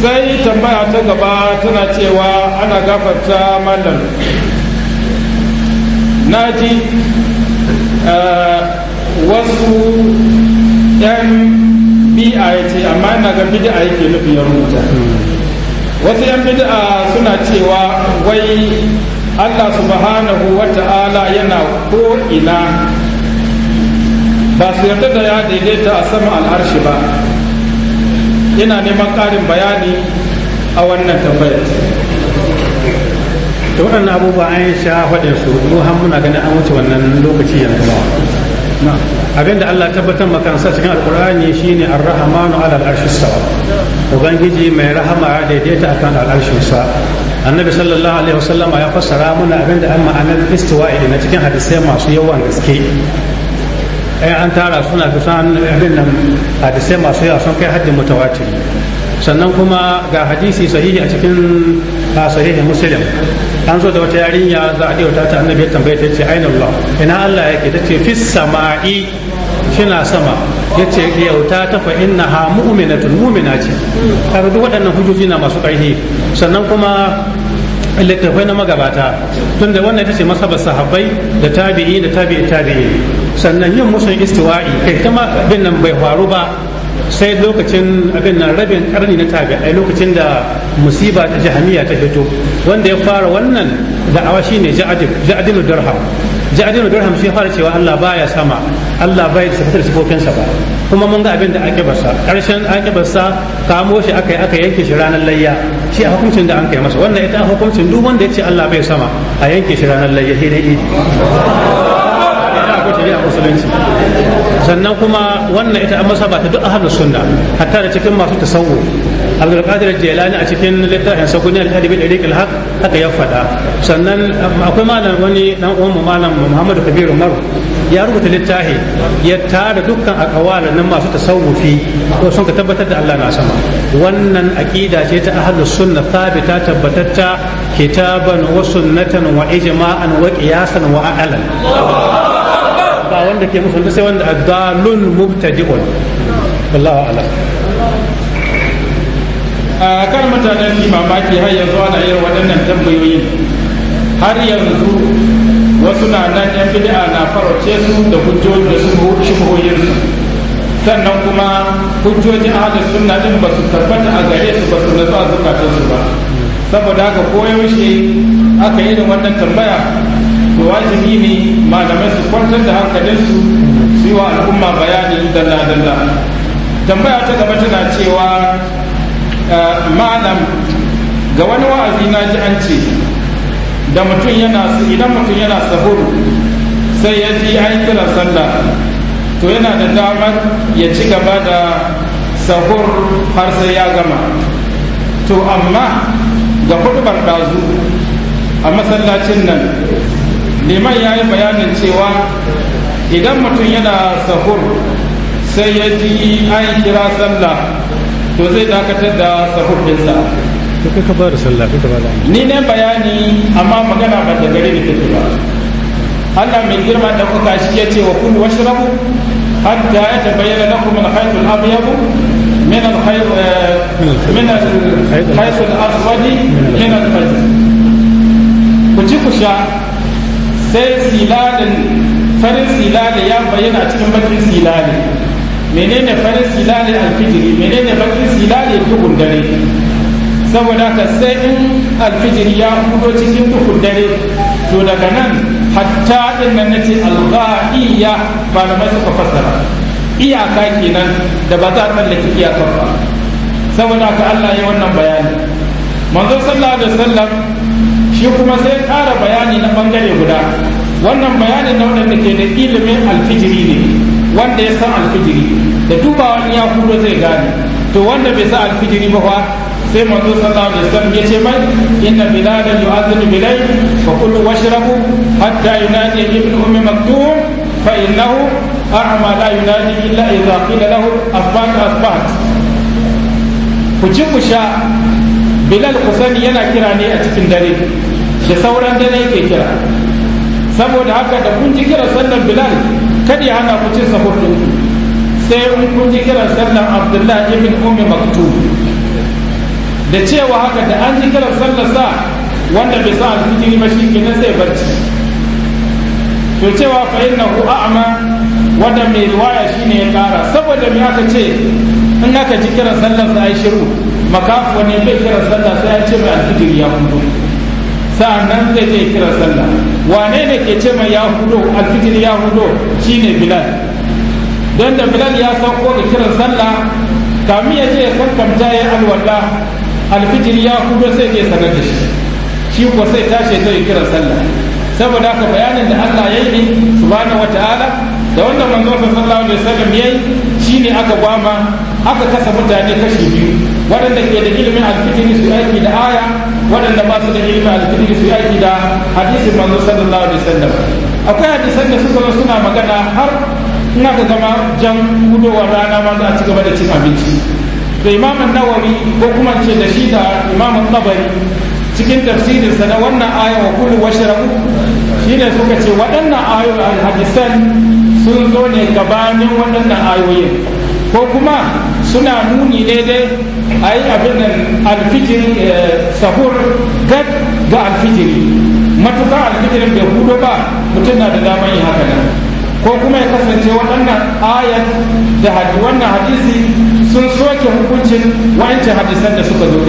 sai tambaya ta gaba tana cewa ana gafarta mallam na ji eh, wasu 'yan bi'a ce amma ina ga bid'a yake nufin wasu 'yan bid'a suna cewa wai Allah subhanahu wa ta'ala yana ko ina ba su yarda da ya daidaita a sama al'arshi ba ina neman ƙarin bayani a wannan tambayar ta waɗannan abubuwa an sha faɗin su ruhan muna ganin an wuce wannan lokaci yanzu ba abin da Allah tabbatar makansa cikin alkur'ani shine ar-rahmanu ala al'arshi sawa ubangiji mai rahama daidaita akan kan al'arshi sa annabi sallallahu alaihi wasallam ya fassara muna abin da an ma'anar istiwa'i na cikin hadisai masu yawan gaske ai eh, an tara suna fi san abin nan hadisai masu yawa sun kai haddin mutawatir sannan kuma ga hadisi sahihi a cikin sahihi muslim an zo da wata yarinya za a ɗauta ta annabi ya tambaye ta ce aina Allah ina Allah yake ta ce fis sama'i shina sama ya ce yauta ta fa inna ha mu'minatun mu'mina ce kaga duk waɗannan hujjoji na masu ƙarfi sannan kuma littattafai na magabata tunda wannan ita ce masabar sahabbai da tabi'i da tabi'i tabi'i sannan yin musu istiwa'i kai ta abin nan bai faru ba sai lokacin abin nan rabin karni na tabi'ai lokacin da musiba ta jahamiya ta fito wanda ya fara wannan da'awa shine ja'adib ja'adib darham ja'adin dirham shi fara cewa Allah baya sama Allah bai da sifatar sifofinsa ba kuma mun ga abin da ake barsa karshen ake barsa kamo shi aka aka yanke shi ranar layya shi a hukuncin da an kai masa wannan ita hukuncin duk wanda yace Allah bai sama a yanke shi ranar layya sai dai idi. Ina yi a musulunci. sannan kuma wannan ita an masaba ta duk ahlus sunna hatta da cikin masu tasawuf Abdul Qadir Jilani a cikin littafin Sakuni al-Adibi da Rikil Haq haka ya faɗa sannan um, akwai malam wani dan uwan malam Muhammadu Kabir Umar ya rubuta littafi ya tara dukkan akawala nan masu tasawufi ko sun ka tabbatar da Allah na sama wannan aqida ce ta ahlus sunna thabita tabbatatta kitaban wa sunnatan wa ijma'an wa qiyasan wa adalan ba wanda ke musulmi sai wanda adalun mubtadi'un wallahu ala a kan mutanen su mamaki har yanzu ana yin waɗannan tambayoyin har yanzu wasu na nan yan bid'a na farauce su da hujjoji da shubuhoyin su sannan kuma hujjoji ahlus sunna din ba su tabbata a gare su ba su nazo a zukatan su ba saboda haka koyaushe aka yi da wannan tambaya da wajibi ne malamai su kwantar da hankalinsu su yi wa al'umma bayani dalla dalla tambaya ta gaba tana cewa eh, malam ga wani wa'azi na ji an ce da mutum yana idan mutum yana sahur sai ya ji yi kiran sallah to yana da damar ya ci gaba da sahur har sai ya gama to amma ga hudubar ɗazu a masallacin nan liman ya yi bayanin cewa idan mutum yana sahur sai ya ji an kira sallah to zai dakatar da sahur ɗinsa ka ka ba da sallah ka ba da ni ne bayani amma magana ba da gare ni take ba Allah mai girma da kuka shi ya ce wa kullu washrabu hatta ya tabayyana lakum min haythu eh, al-abyad min al-khayt min al-khayt al-aswad min al-fajr ku ci ku sha sai silalin farin silali ya bayyana cikin bakin silali menene farin silali alfijiri menene bakin silali duhun dare saboda ka sai in alfijiri ya hudo cikin duhun dare to daga nan hatta din nan nace alghaiya malamai suka fassara iyaka kenan da ba za a tsallake iyakar ba saboda ka Allah ya wannan bayani manzo sallallahu alaihi wasallam shi kuma sai kara bayani na bangare guda wannan bayanin na waɗanda ke da ilimin alfijiri ne wanda ya san alfijiri da dubawa in ya kudo zai gane to wanda bai san alfijiri ba fa sai manzo sallallahu alaihi wasallam ya ce mai inna bilal yu'adhdhu bilay fa kullu washrabu hatta yunadi ibn ummi maktum fa innahu a'ma la yunadi illa idha qila lahu asbat asbat ku ci ku sha bilal ku sani yana kira ne a cikin dare da sauran dare yake kira saboda haka da kun ji kiran sallar bilal kada ya hana ku cin sahur din sai in kun ji kiran sallar abdullah ibn ummi maktub da cewa haka da an ji kiran sallar sa wanda bai sa alfijiri ba shi ne sai barci to cewa fa innahu a'ma wanda mai riwaya shine ya kara saboda me aka ce in aka ji kiran sallar sa ai shiru makafu ne bai kiran sallar sai ya ce mai alfijiri ya hudu nan zai je kira sallah wane ne ke ce mai ya alfitir alfijir shine bilal don da bilal ya sauko da kiran sallah kamin ya je ya kankamta ya alwala alfitir ya sai je sanar da shi shi ko sai tashi zai kira sallah saboda haka bayanin da Allah ya yi subhanahu wataala da wanda manzo sallallahu alaihi wasallam yayi shine aka gwama aka kasa mutane kashi biyu waɗanda ke da ilimin alfitir su aiki da aya waɗanda ba su da ilimi a cikin su yaki da hadisin manzo sallallahu alaihi wasallam akwai hadisan da suka suna magana har ina ga gama jan gudowa rana ma za a ci gaba da cin abinci da imamin nawawi ko kuma ce da shi da imamin tabari cikin tafsirinsa na wannan aya wa kullu washrabu shine suka ce waɗannan ayoyin hadisan sun zo ne gabanin waɗannan ayoyi ko kuma suna nuni daidai Ayi abin nan alfijir sahur gad ga alfijir matuƙa alfijir bai hudu ba mutum na da damar yi haka nan ko kuma ya kasance waɗannan ayat da wannan hadisi sun soke hukuncin wa'ance hadisan da suka zo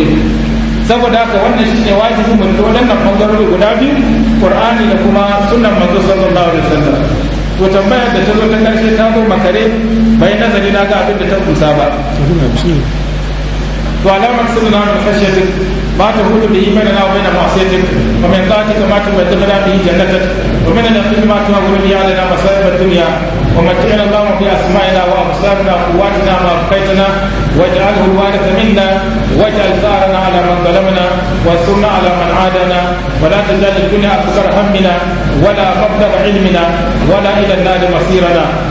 saboda haka wannan wajibi wajibin da waɗannan bangarori guda biyu qur'ani da kuma sunan manzo sallallahu alaihi wasallam to tambayar da ta zo ta karshe ta zo makare bai nazari na ga abin da ta kusa ba to alamat sunna na fashiyati ba ta hudu bi imani na bayna mu'asiyati wa min dhati kama ta tabara bi jannati wa min al-qism ma ta wa min ya'lana masaib ad-dunya wa ma ta'ala Allahu bi asma'ina wa absarina quwwatina ma faytana wa ja'alhu al-waritha minna wa ja'al sarana ala man zalamna wa sunna ala man adana wa la tajal kunna akbar hammina wa la mabda ilmina wala la ila an-nadi masirana